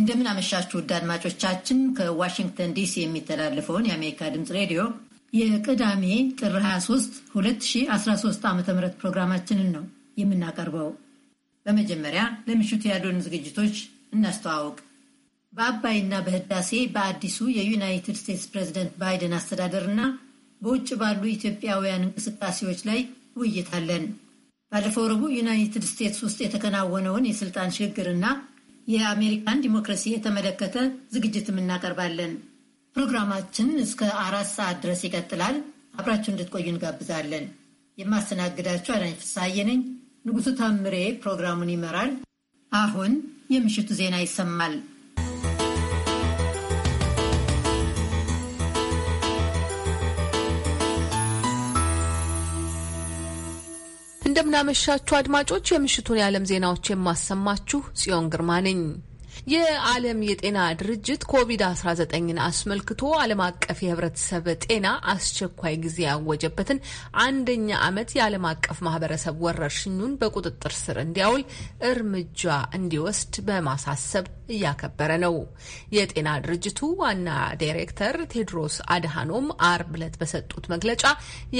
እንደምን አመሻችሁ ውድ አድማጮቻችን። ከዋሽንግተን ዲሲ የሚተላለፈውን የአሜሪካ ድምፅ ሬዲዮ የቅዳሜ ጥር 23 2013 ዓ ም ፕሮግራማችንን ነው የምናቀርበው። በመጀመሪያ ለምሽቱ ያሉን ዝግጅቶች እናስተዋውቅ። በአባይና በህዳሴ በአዲሱ የዩናይትድ ስቴትስ ፕሬዚደንት ባይደን አስተዳደርና በውጭ ባሉ ኢትዮጵያውያን እንቅስቃሴዎች ላይ ውይይት አለን። ባለፈው ረቡዕ ዩናይትድ ስቴትስ ውስጥ የተከናወነውን የስልጣን ሽግግርና የአሜሪካን ዲሞክራሲ የተመለከተ ዝግጅትም እናቀርባለን። ፕሮግራማችን እስከ አራት ሰዓት ድረስ ይቀጥላል። አብራችሁ እንድትቆዩ እንጋብዛለን። የማስተናግዳችሁ አዳኝ ፍስሐዬ ነኝ። ንጉሱ ታምሬ ፕሮግራሙን ይመራል። አሁን የምሽቱ ዜና ይሰማል። እንደምናመሻችሁ አድማጮች፣ የምሽቱን የዓለም ዜናዎች የማሰማችሁ ጽዮን ግርማ ነኝ። የዓለም የጤና ድርጅት ኮቪድ-19ን አስመልክቶ ዓለም አቀፍ የህብረተሰብ ጤና አስቸኳይ ጊዜ ያወጀበትን አንደኛ ዓመት የዓለም አቀፍ ማህበረሰብ ወረርሽኙን በቁጥጥር ስር እንዲያውል እርምጃ እንዲወስድ በማሳሰብ እያከበረ ነው። የጤና ድርጅቱ ዋና ዳይሬክተር ቴድሮስ አድሃኖም አርብ ዕለት በሰጡት መግለጫ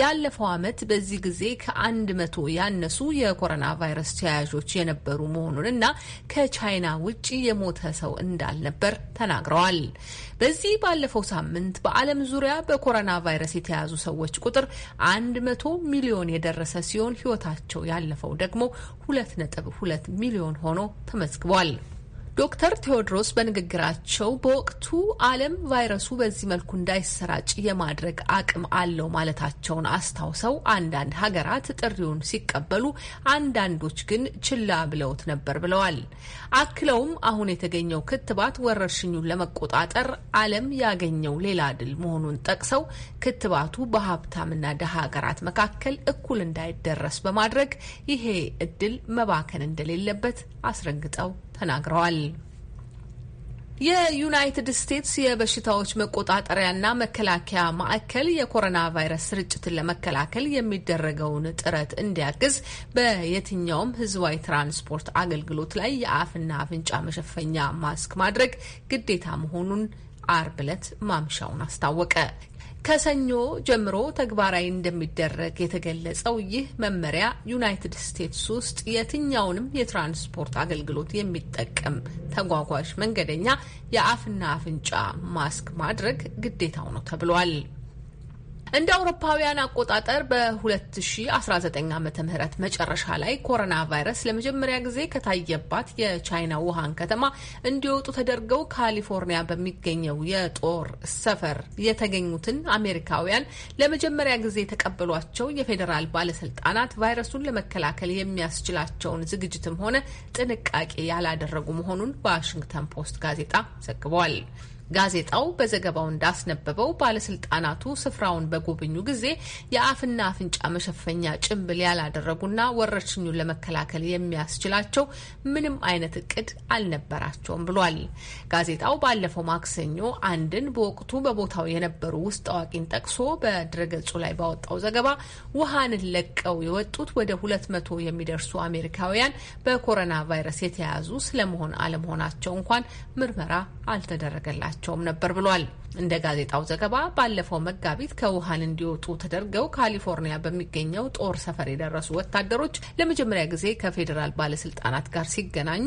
ያለፈው ዓመት በዚህ ጊዜ ከአንድ መቶ ያነሱ የኮሮና ቫይረስ ተያያዦች የነበሩ መሆኑን እና ከቻይና ውጭ የሞተ ሰው እንዳልነበር ተናግረዋል። በዚህ ባለፈው ሳምንት በዓለም ዙሪያ በኮሮና ቫይረስ የተያዙ ሰዎች ቁጥር 100 ሚሊዮን የደረሰ ሲሆን ሕይወታቸው ያለፈው ደግሞ 2.2 ነጥብ ሚሊዮን ሆኖ ተመዝግቧል። ዶክተር ቴዎድሮስ በንግግራቸው በወቅቱ ዓለም ቫይረሱ በዚህ መልኩ እንዳይሰራጭ የማድረግ አቅም አለው ማለታቸውን አስታውሰው አንዳንድ ሀገራት ጥሪውን ሲቀበሉ፣ አንዳንዶች ግን ችላ ብለውት ነበር ብለዋል። አክለውም አሁን የተገኘው ክትባት ወረርሽኙን ለመቆጣጠር ዓለም ያገኘው ሌላ ድል መሆኑን ጠቅሰው ክትባቱ በሀብታምና ደሃ ሀገራት መካከል እኩል እንዳይደረስ በማድረግ ይሄ እድል መባከን እንደሌለበት አስረግጠው ተናግረዋል። የዩናይትድ ስቴትስ የበሽታዎች መቆጣጠሪያና መከላከያ ማዕከል የኮሮና ቫይረስ ስርጭትን ለመከላከል የሚደረገውን ጥረት እንዲያግዝ በየትኛውም ሕዝባዊ ትራንስፖርት አገልግሎት ላይ የአፍና አፍንጫ መሸፈኛ ማስክ ማድረግ ግዴታ መሆኑን አርብ ዕለት ማምሻውን አስታወቀ። ከሰኞ ጀምሮ ተግባራዊ እንደሚደረግ የተገለጸው ይህ መመሪያ ዩናይትድ ስቴትስ ውስጥ የትኛውንም የትራንስፖርት አገልግሎት የሚጠቀም ተጓጓዥ መንገደኛ የአፍና አፍንጫ ማስክ ማድረግ ግዴታው ነው ተብሏል። እንደ አውሮፓውያን አቆጣጠር በ2019 ዓ ም መጨረሻ ላይ ኮሮና ቫይረስ ለመጀመሪያ ጊዜ ከታየባት የቻይና ውሃን ከተማ እንዲወጡ ተደርገው ካሊፎርኒያ በሚገኘው የጦር ሰፈር የተገኙትን አሜሪካውያን ለመጀመሪያ ጊዜ የተቀበሏቸው የፌዴራል ባለስልጣናት ቫይረሱን ለመከላከል የሚያስችላቸውን ዝግጅትም ሆነ ጥንቃቄ ያላደረጉ መሆኑን ዋሽንግተን ፖስት ጋዜጣ ዘግቧል። ጋዜጣው በዘገባው እንዳስነበበው ባለስልጣናቱ ስፍራውን በጎበኙ ጊዜ የአፍና አፍንጫ መሸፈኛ ጭንብል ያላደረጉና ወረርሽኙን ለመከላከል የሚያስችላቸው ምንም አይነት እቅድ አልነበራቸውም ብሏል። ጋዜጣው ባለፈው ማክሰኞ አንድን በወቅቱ በቦታው የነበሩ ውስጥ አዋቂን ጠቅሶ በድረገጹ ላይ ባወጣው ዘገባ ውሃንን ለቀው የወጡት ወደ ሁለት መቶ የሚደርሱ አሜሪካውያን በኮሮና ቫይረስ የተያያዙ ስለመሆን አለመሆናቸው እንኳን ምርመራ አልተደረገላቸው አልተፈቀደላቸውም ነበር ብሏል። እንደ ጋዜጣው ዘገባ ባለፈው መጋቢት ከውሃን እንዲወጡ ተደርገው ካሊፎርኒያ በሚገኘው ጦር ሰፈር የደረሱ ወታደሮች ለመጀመሪያ ጊዜ ከፌዴራል ባለስልጣናት ጋር ሲገናኙ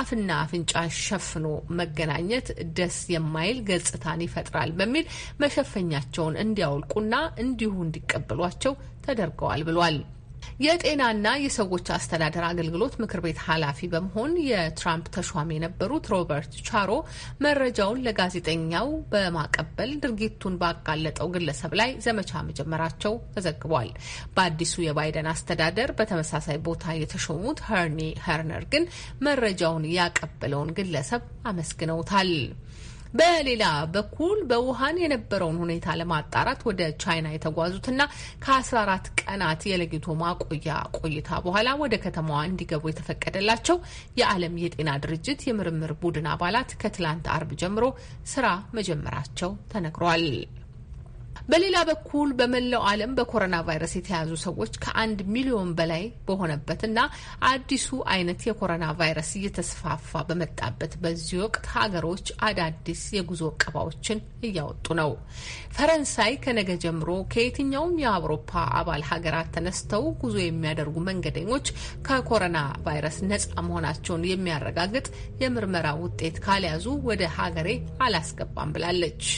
አፍና አፍንጫ ሸፍኖ መገናኘት ደስ የማይል ገጽታን ይፈጥራል በሚል መሸፈኛቸውን እንዲያወልቁና እንዲሁ እንዲቀበሏቸው ተደርገዋል ብሏል። የጤናና የሰዎች አስተዳደር አገልግሎት ምክር ቤት ኃላፊ በመሆን የትራምፕ ተሿሚ የነበሩት ሮበርት ቻሮ መረጃውን ለጋዜጠኛው በማቀበል ድርጊቱን ባጋለጠው ግለሰብ ላይ ዘመቻ መጀመራቸው ተዘግቧል። በአዲሱ የባይደን አስተዳደር በተመሳሳይ ቦታ የተሾሙት ሄርኒ ኸርነር ግን መረጃውን ያቀበለውን ግለሰብ አመስግነውታል። በሌላ በኩል በውሃን የነበረውን ሁኔታ ለማጣራት ወደ ቻይና የተጓዙትና ከ14 ቀናት የለይቶ ማቆያ ቆይታ በኋላ ወደ ከተማዋ እንዲገቡ የተፈቀደላቸው የዓለም የጤና ድርጅት የምርምር ቡድን አባላት ከትላንት አርብ ጀምሮ ስራ መጀመራቸው ተነግሯል። በሌላ በኩል በመላው ዓለም በኮሮና ቫይረስ የተያዙ ሰዎች ከአንድ ሚሊዮን በላይ በሆነበት እና አዲሱ አይነት የኮሮና ቫይረስ እየተስፋፋ በመጣበት በዚህ ወቅት ሀገሮች አዳዲስ የጉዞ እቀባዎችን እያወጡ ነው። ፈረንሳይ ከነገ ጀምሮ ከየትኛውም የአውሮፓ አባል ሀገራት ተነስተው ጉዞ የሚያደርጉ መንገደኞች ከኮሮና ቫይረስ ነጻ መሆናቸውን የሚያረጋግጥ የምርመራ ውጤት ካልያዙ ወደ ሀገሬ አላስገባም ብላለች።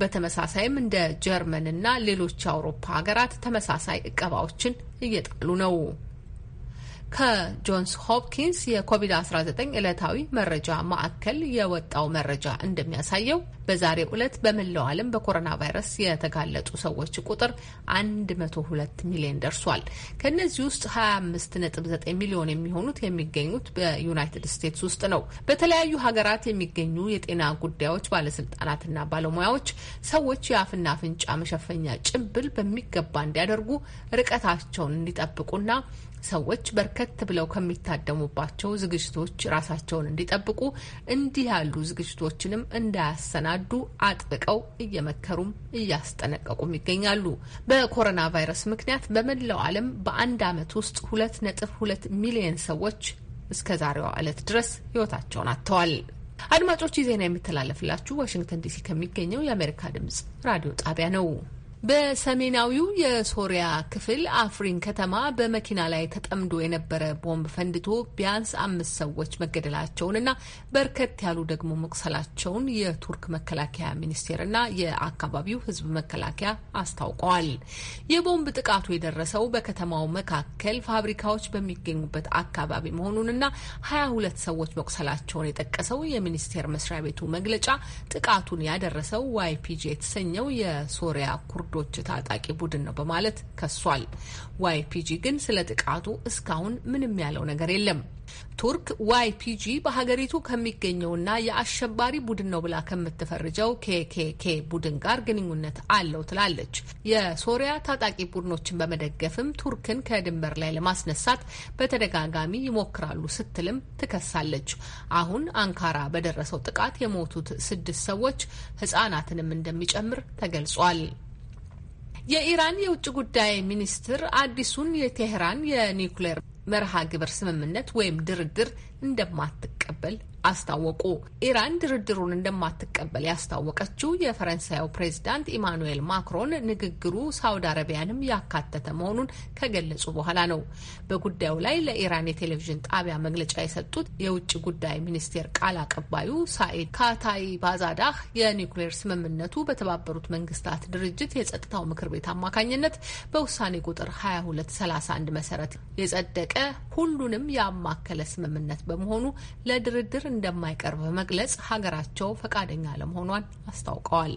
በተመሳሳይም እንደ ጀርመንና ሌሎች አውሮፓ ሀገራት ተመሳሳይ እቀባዎችን እየጣሉ ነው። ከጆንስ ሆፕኪንስ የኮቪድ-19 ዕለታዊ መረጃ ማዕከል የወጣው መረጃ እንደሚያሳየው በዛሬው ዕለት በመላው ዓለም በኮሮና ቫይረስ የተጋለጡ ሰዎች ቁጥር 102 ሚሊዮን ደርሷል። ከእነዚህ ውስጥ 25.9 ሚሊዮን የሚሆኑት የሚገኙት በዩናይትድ ስቴትስ ውስጥ ነው። በተለያዩ ሀገራት የሚገኙ የጤና ጉዳዮች ባለስልጣናትና ባለሙያዎች ሰዎች የአፍና አፍንጫ መሸፈኛ ጭንብል በሚገባ እንዲያደርጉ ርቀታቸውን እንዲጠብቁና ሰዎች በርከት ብለው ከሚታደሙባቸው ዝግጅቶች ራሳቸውን እንዲጠብቁ እንዲህ ያሉ ዝግጅቶችንም እንዳያሰናዱ አጥብቀው እየመከሩም እያስጠነቀቁም ይገኛሉ። በኮሮና ቫይረስ ምክንያት በመላው ዓለም በአንድ ዓመት ውስጥ ሁለት ነጥብ ሁለት ሚሊዮን ሰዎች እስከ ዛሬዋ ዕለት ድረስ ሕይወታቸውን አጥተዋል። አድማጮች ዜና የሚተላለፍላችሁ ዋሽንግተን ዲሲ ከሚገኘው የአሜሪካ ድምጽ ራዲዮ ጣቢያ ነው። በሰሜናዊው የሶሪያ ክፍል አፍሪን ከተማ በመኪና ላይ ተጠምዶ የነበረ ቦምብ ፈንድቶ ቢያንስ አምስት ሰዎች መገደላቸውንና በርከት ያሉ ደግሞ መቁሰላቸውን የቱርክ መከላከያ ሚኒስቴርና የአካባቢው ሕዝብ መከላከያ አስታውቀዋል። የቦምብ ጥቃቱ የደረሰው በከተማው መካከል ፋብሪካዎች በሚገኙበት አካባቢ መሆኑንና ሀያ ሁለት ሰዎች መቁሰላቸውን የጠቀሰው የሚኒስቴር መስሪያ ቤቱ መግለጫ ጥቃቱን ያደረሰው ዋይፒጂ የተሰኘው የሶሪያ ኩርድ የኩርዶች ታጣቂ ቡድን ነው በማለት ከሷል። ዋይፒጂ ግን ስለ ጥቃቱ እስካሁን ምንም ያለው ነገር የለም። ቱርክ ዋይፒጂ በሀገሪቱ ከሚገኘውና የአሸባሪ ቡድን ነው ብላ ከምትፈርጀው ኬኬኬ ቡድን ጋር ግንኙነት አለው ትላለች። የሶሪያ ታጣቂ ቡድኖችን በመደገፍም ቱርክን ከድንበር ላይ ለማስነሳት በተደጋጋሚ ይሞክራሉ ስትልም ትከሳለች። አሁን አንካራ በደረሰው ጥቃት የሞቱት ስድስት ሰዎች ህጻናትንም እንደሚጨምር ተገልጿል። የኢራን የውጭ ጉዳይ ሚኒስትር አዲሱን የቴህራን የኒውክሌር መርሃ ግብር ስምምነት ወይም ድርድር እንደማትቀበል አስታወቁ። ኢራን ድርድሩን እንደማትቀበል ያስታወቀችው የፈረንሳዩ ፕሬዚዳንት ኢማኑኤል ማክሮን ንግግሩ ሳውዲ አረቢያንም ያካተተ መሆኑን ከገለጹ በኋላ ነው። በጉዳዩ ላይ ለኢራን የቴሌቪዥን ጣቢያ መግለጫ የሰጡት የውጭ ጉዳይ ሚኒስቴር ቃል አቀባዩ ሳኢድ ካታይ ባዛዳህ የኒውክሌር ስምምነቱ በተባበሩት መንግስታት ድርጅት የጸጥታው ምክር ቤት አማካኝነት በውሳኔ ቁጥር 2231 መሰረት የጸደቀ ሁሉንም ያማከለ ስምምነት በመሆኑ ለድርድር እንደማይቀርብ በመግለጽ ሀገራቸው ፈቃደኛ ለመሆኗን አስታውቀዋል።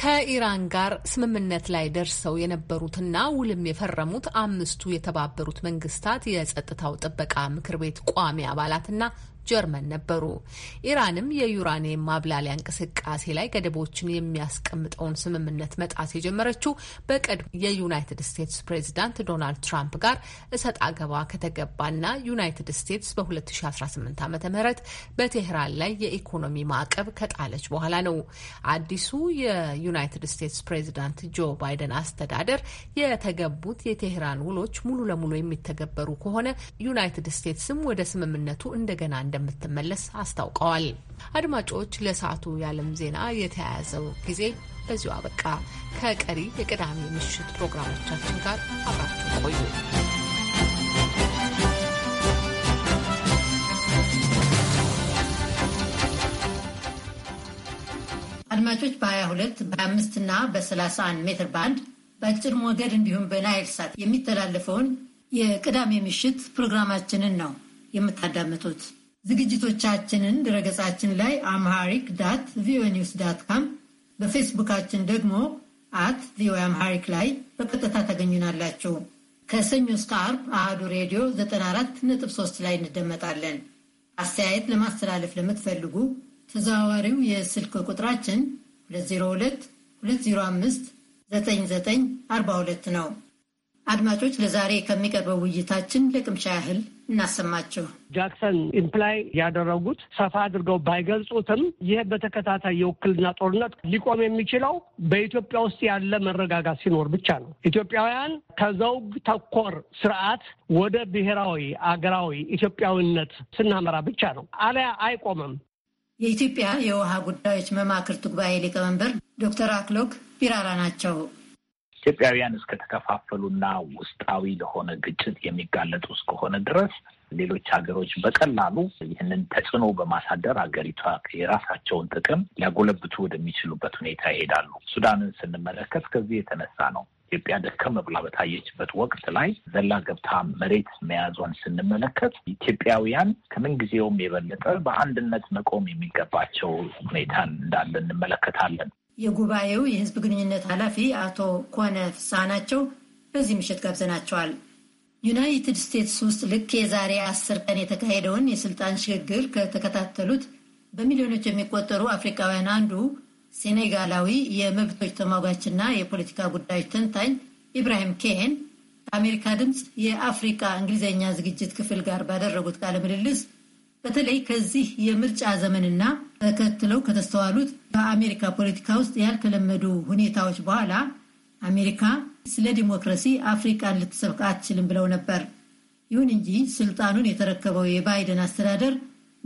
ከኢራን ጋር ስምምነት ላይ ደርሰው የነበሩትና ውልም የፈረሙት አምስቱ የተባበሩት መንግስታት የጸጥታው ጥበቃ ምክር ቤት ቋሚ አባላትና ጀርመን ነበሩ። ኢራንም የዩራኒየም ማብላሊያ እንቅስቃሴ ላይ ገደቦችን የሚያስቀምጠውን ስምምነት መጣስ የጀመረችው በቀድሞ የዩናይትድ ስቴትስ ፕሬዚዳንት ዶናልድ ትራምፕ ጋር እሰጥ አገባ ከተገባና ዩናይትድ ስቴትስ በ2018 ዓ ም በቴህራን ላይ የኢኮኖሚ ማዕቀብ ከጣለች በኋላ ነው። አዲሱ የዩናይትድ ስቴትስ ፕሬዚዳንት ጆ ባይደን አስተዳደር የተገቡት የቴህራን ውሎች ሙሉ ለሙሉ የሚተገበሩ ከሆነ ዩናይትድ ስቴትስም ወደ ስምምነቱ እንደገና እንደምትመለስ አስታውቀዋል። አድማጮች፣ ለሰዓቱ የዓለም ዜና የተያያዘው ጊዜ በዚሁ አበቃ። ከቀሪ የቅዳሜ ምሽት ፕሮግራሞቻችን ጋር አብራችሁ ቆዩ። አድማጮች በ22 በ25 እና በ31 ሜትር ባንድ በአጭር ሞገድ እንዲሁም በናይል ሳት የሚተላለፈውን የቅዳሜ ምሽት ፕሮግራማችንን ነው የምታዳምጡት። ዝግጅቶቻችንን ድረገጻችን ላይ አምሃሪክ ዳት ቪኦኤ ኒውስ ዳት ካም፣ በፌስቡካችን ደግሞ አት ቪኦኤ አምሃሪክ ላይ በቀጥታ ታገኙናላችሁ። ከሰኞ እስከ አርብ አህዱ ሬዲዮ 94.3 ላይ እንደመጣለን። አስተያየት ለማስተላለፍ ለምትፈልጉ ተዘዋዋሪው የስልክ ቁጥራችን 202 205 9942 ነው። አድማጮች ለዛሬ ከሚቀርበው ውይይታችን ለቅምሻ ያህል እናሰማቸው። ጃክሰን ኢምፕላይ ያደረጉት ሰፋ አድርገው ባይገልጹትም ይህ በተከታታይ የውክልና ጦርነት ሊቆም የሚችለው በኢትዮጵያ ውስጥ ያለ መረጋጋት ሲኖር ብቻ ነው። ኢትዮጵያውያን ከዘውግ ተኮር ስርዓት ወደ ብሔራዊ አገራዊ ኢትዮጵያዊነት ስናመራ ብቻ ነው። አለያ አይቆምም። የኢትዮጵያ የውሃ ጉዳዮች መማክርት ጉባኤ ሊቀመንበር ዶክተር አክሎግ ቢራራ ናቸው። ኢትዮጵያውያን እስከተከፋፈሉና ውስጣዊ ለሆነ ግጭት የሚጋለጡ እስከሆነ ድረስ ሌሎች ሀገሮች በቀላሉ ይህንን ተጽዕኖ በማሳደር ሀገሪቷ የራሳቸውን ጥቅም ሊያጎለብቱ ወደሚችሉበት ሁኔታ ይሄዳሉ። ሱዳንን ስንመለከት ከዚህ የተነሳ ነው። ኢትዮጵያ ደከም ብላ በታየችበት ወቅት ላይ ዘላ ገብታ መሬት መያዟን ስንመለከት ኢትዮጵያውያን ከምንጊዜውም የበለጠ በአንድነት መቆም የሚገባቸው ሁኔታን እንዳለ እንመለከታለን። የጉባኤው የህዝብ ግንኙነት ኃላፊ አቶ ኮነ ፍስሐ ናቸው። በዚህ ምሽት ጋብዘናቸዋል። ዩናይትድ ስቴትስ ውስጥ ልክ የዛሬ አስር ቀን የተካሄደውን የስልጣን ሽግግር ከተከታተሉት በሚሊዮኖች የሚቆጠሩ አፍሪካውያን አንዱ ሴኔጋላዊ የመብቶች ተሟጋችና የፖለቲካ ጉዳዮች ተንታኝ ኢብራሂም ኬን ከአሜሪካ ድምፅ የአፍሪካ እንግሊዝኛ ዝግጅት ክፍል ጋር ባደረጉት ቃለ ምልልስ በተለይ ከዚህ የምርጫ ዘመንና ተከትለው ከተስተዋሉት በአሜሪካ ፖለቲካ ውስጥ ያልተለመዱ ሁኔታዎች በኋላ አሜሪካ ስለ ዲሞክራሲ አፍሪቃን ልትሰብክ አትችልም ብለው ነበር። ይሁን እንጂ ስልጣኑን የተረከበው የባይደን አስተዳደር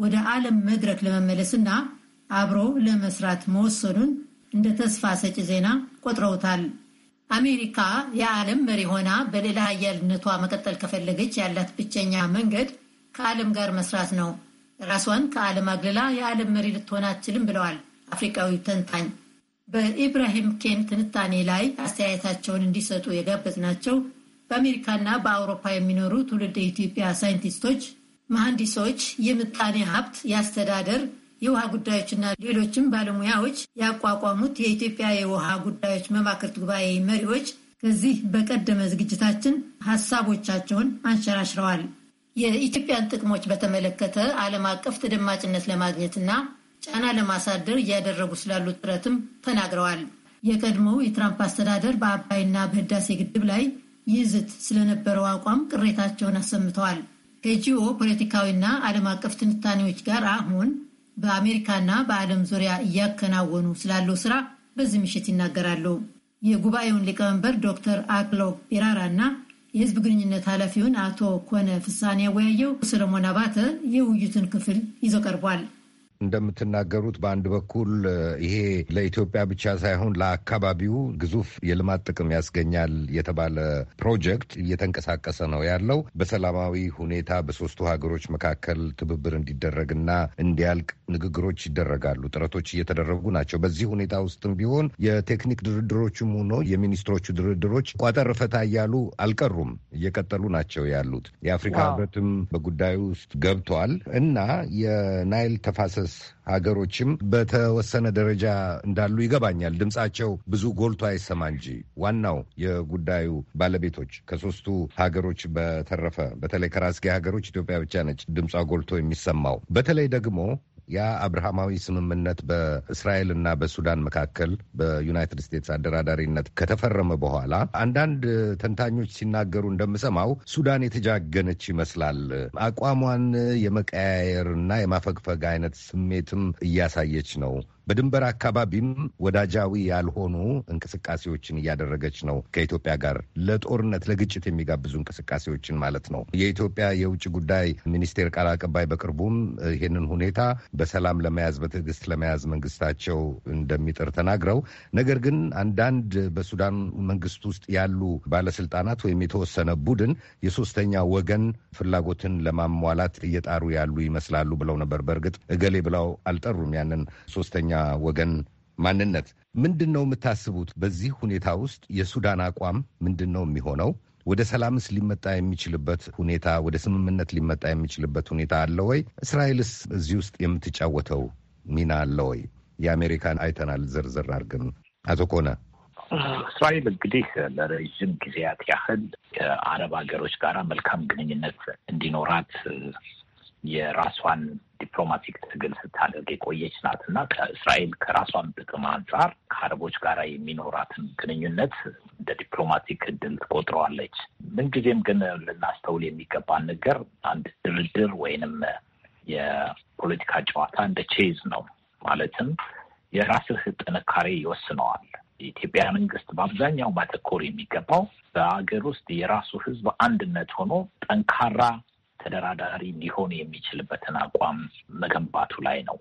ወደ ዓለም መድረክ ለመመለስና አብሮ ለመስራት መወሰኑን እንደ ተስፋ ሰጪ ዜና ቆጥረውታል። አሜሪካ የዓለም መሪ ሆና በሌላ ሀያልነቷ መቀጠል ከፈለገች ያላት ብቸኛ መንገድ ከዓለም ጋር መስራት ነው። ራሷን ከዓለም አግልላ የዓለም መሪ ልትሆን አትችልም ብለዋል አፍሪካዊ ተንታኝ። በኢብራሂም ኬን ትንታኔ ላይ አስተያየታቸውን እንዲሰጡ የጋበዝናቸው በአሜሪካና በአውሮፓ የሚኖሩ ትውልድ የኢትዮጵያ ሳይንቲስቶች፣ መሐንዲሶች፣ የምጣኔ ሀብት፣ የአስተዳደር፣ የውሃ ጉዳዮችና ሌሎችም ባለሙያዎች ያቋቋሙት የኢትዮጵያ የውሃ ጉዳዮች መማክርት ጉባኤ መሪዎች ከዚህ በቀደመ ዝግጅታችን ሀሳቦቻቸውን አንሸራሽረዋል። የኢትዮጵያን ጥቅሞች በተመለከተ ዓለም አቀፍ ተደማጭነት ለማግኘትና ጫና ለማሳደር እያደረጉ ስላሉ ጥረትም ተናግረዋል። የቀድሞው የትራምፕ አስተዳደር በአባይና በህዳሴ ግድብ ላይ ይዝት ስለነበረው አቋም ቅሬታቸውን አሰምተዋል። ከጂኦ ፖለቲካዊና ዓለም አቀፍ ትንታኔዎች ጋር አሁን በአሜሪካና በዓለም ዙሪያ እያከናወኑ ስላለው ስራ በዚህ ምሽት ይናገራሉ። የጉባኤውን ሊቀመንበር ዶክተር አክሎግ ቢራራ እና የህዝብ ግንኙነት ኃላፊውን አቶ ኮነ ፍሳኔ ያወያየው ሰለሞን አባተ የውይይቱን ክፍል ይዞ ቀርቧል። እንደምትናገሩት በአንድ በኩል ይሄ ለኢትዮጵያ ብቻ ሳይሆን ለአካባቢው ግዙፍ የልማት ጥቅም ያስገኛል የተባለ ፕሮጀክት እየተንቀሳቀሰ ነው ያለው በሰላማዊ ሁኔታ በሶስቱ ሀገሮች መካከል ትብብር እንዲደረግና እንዲያልቅ ንግግሮች ይደረጋሉ፣ ጥረቶች እየተደረጉ ናቸው። በዚህ ሁኔታ ውስጥም ቢሆን የቴክኒክ ድርድሮችም ሆኖ የሚኒስትሮቹ ድርድሮች ቋጠር ፈታ እያሉ አልቀሩም፣ እየቀጠሉ ናቸው ያሉት። የአፍሪካ ህብረትም በጉዳዩ ውስጥ ገብቷል እና የናይል ተፋሰስ የሚደርስ ሀገሮችም በተወሰነ ደረጃ እንዳሉ ይገባኛል። ድምፃቸው ብዙ ጎልቶ አይሰማ እንጂ ዋናው የጉዳዩ ባለቤቶች ከሶስቱ ሀገሮች በተረፈ በተለይ ከራስጌ ሀገሮች ኢትዮጵያ ብቻ ነች ድምጿ ጎልቶ የሚሰማው። በተለይ ደግሞ ያ አብርሃማዊ ስምምነት በእስራኤል እና በሱዳን መካከል በዩናይትድ ስቴትስ አደራዳሪነት ከተፈረመ በኋላ አንዳንድ ተንታኞች ሲናገሩ እንደምሰማው ሱዳን የተጃገነች ይመስላል። አቋሟን የመቀያየር እና የማፈግፈግ አይነት ስሜትም እያሳየች ነው። በድንበር አካባቢም ወዳጃዊ ያልሆኑ እንቅስቃሴዎችን እያደረገች ነው። ከኢትዮጵያ ጋር ለጦርነት ለግጭት የሚጋብዙ እንቅስቃሴዎችን ማለት ነው። የኢትዮጵያ የውጭ ጉዳይ ሚኒስቴር ቃል አቀባይ በቅርቡም ይህንን ሁኔታ በሰላም ለመያዝ በትዕግስት ለመያዝ መንግስታቸው እንደሚጥር ተናግረው ነገር ግን አንዳንድ በሱዳን መንግስት ውስጥ ያሉ ባለስልጣናት ወይም የተወሰነ ቡድን የሶስተኛ ወገን ፍላጎትን ለማሟላት እየጣሩ ያሉ ይመስላሉ ብለው ነበር። በእርግጥ እገሌ ብለው አልጠሩም ያንን ሶስተኛ ወገን ማንነት ምንድን ነው የምታስቡት? በዚህ ሁኔታ ውስጥ የሱዳን አቋም ምንድን ነው የሚሆነው? ወደ ሰላምስ ሊመጣ የሚችልበት ሁኔታ፣ ወደ ስምምነት ሊመጣ የሚችልበት ሁኔታ አለ ወይ? እስራኤልስ እዚህ ውስጥ የምትጫወተው ሚና አለ ወይ? የአሜሪካን አይተናል ዝርዝር አድርገን። አቶ ኮነ እስራኤል እንግዲህ ለረዥም ጊዜያት ያህል ከአረብ ሀገሮች ጋር መልካም ግንኙነት እንዲኖራት የራሷን ዲፕሎማቲክ ትግል ስታደርግ የቆየች ናት እና ከእስራኤል ከራሷን ጥቅም አንጻር ከአረቦች ጋር የሚኖራትን ግንኙነት እንደ ዲፕሎማቲክ እድል ትቆጥረዋለች። ምንጊዜም ግን ልናስተውል የሚገባን ነገር አንድ ድርድር ወይንም የፖለቲካ ጨዋታ እንደ ቼዝ ነው። ማለትም የራስህ ጥንካሬ ይወስነዋል። የኢትዮጵያ መንግስት በአብዛኛው ማተኮር የሚገባው በሀገር ውስጥ የራሱ ህዝብ አንድነት ሆኖ ጠንካራ ተደራዳሪ ሊሆን የሚችልበትን አቋም መገንባቱ ላይ ነው።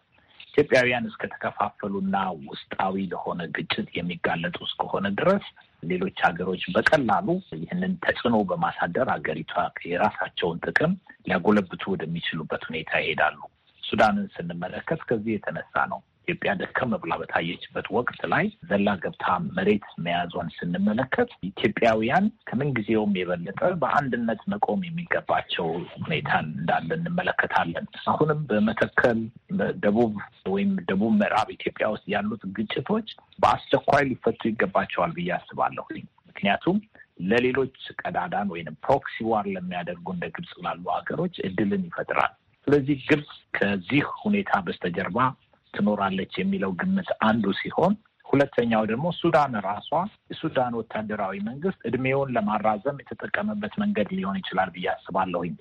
ኢትዮጵያውያን እስከተከፋፈሉና ውስጣዊ ለሆነ ግጭት የሚጋለጡ እስከሆነ ድረስ ሌሎች ሀገሮች በቀላሉ ይህንን ተጽዕኖ በማሳደር ሀገሪቷ የራሳቸውን ጥቅም ሊያጎለብቱ ወደሚችሉበት ሁኔታ ይሄዳሉ። ሱዳንን ስንመለከት ከዚህ የተነሳ ነው። ኢትዮጵያ ደከም ብላ በታየችበት ወቅት ላይ ዘላ ገብታ መሬት መያዟን ስንመለከት ኢትዮጵያውያን ከምን ጊዜውም የበለጠ በአንድነት መቆም የሚገባቸው ሁኔታ እንዳለ እንመለከታለን። አሁንም በመተከል ደቡብ ወይም ደቡብ ምዕራብ ኢትዮጵያ ውስጥ ያሉት ግጭቶች በአስቸኳይ ሊፈቱ ይገባቸዋል ብዬ አስባለሁ። ምክንያቱም ለሌሎች ቀዳዳን ወይም ፕሮክሲ ዋር ለሚያደርጉ እንደ ግብፅ ላሉ ሀገሮች እድልን ይፈጥራል። ስለዚህ ግብፅ ከዚህ ሁኔታ በስተጀርባ ትኖራለች የሚለው ግምት አንዱ ሲሆን ሁለተኛው ደግሞ ሱዳን ራሷ የሱዳን ወታደራዊ መንግስት እድሜውን ለማራዘም የተጠቀመበት መንገድ ሊሆን ይችላል ብዬ አስባለሁኝ።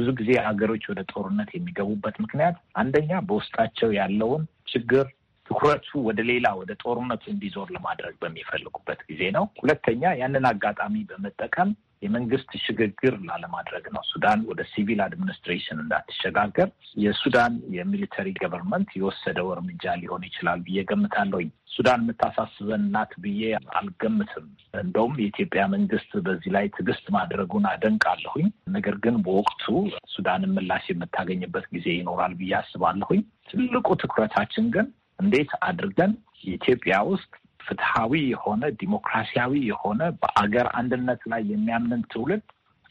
ብዙ ጊዜ ሀገሮች ወደ ጦርነት የሚገቡበት ምክንያት አንደኛ በውስጣቸው ያለውን ችግር ትኩረቱ ወደ ሌላ ወደ ጦርነቱ እንዲዞር ለማድረግ በሚፈልጉበት ጊዜ ነው። ሁለተኛ ያንን አጋጣሚ በመጠቀም የመንግስት ሽግግር ላለማድረግ ነው። ሱዳን ወደ ሲቪል አድሚኒስትሬሽን እንዳትሸጋገር የሱዳን የሚሊተሪ ገቨርንመንት የወሰደው እርምጃ ሊሆን ይችላል ብዬ ገምታለሁኝ። ሱዳን የምታሳስበን ናት ብዬ አልገምትም። እንደውም የኢትዮጵያ መንግስት በዚህ ላይ ትዕግስት ማድረጉን አደንቃለሁኝ። ነገር ግን በወቅቱ ሱዳንን ምላሽ የምታገኝበት ጊዜ ይኖራል ብዬ አስባለሁኝ። ትልቁ ትኩረታችን ግን እንዴት አድርገን ኢትዮጵያ ውስጥ ፍትሐዊ የሆነ ዲሞክራሲያዊ የሆነ በአገር አንድነት ላይ የሚያምን ትውልድ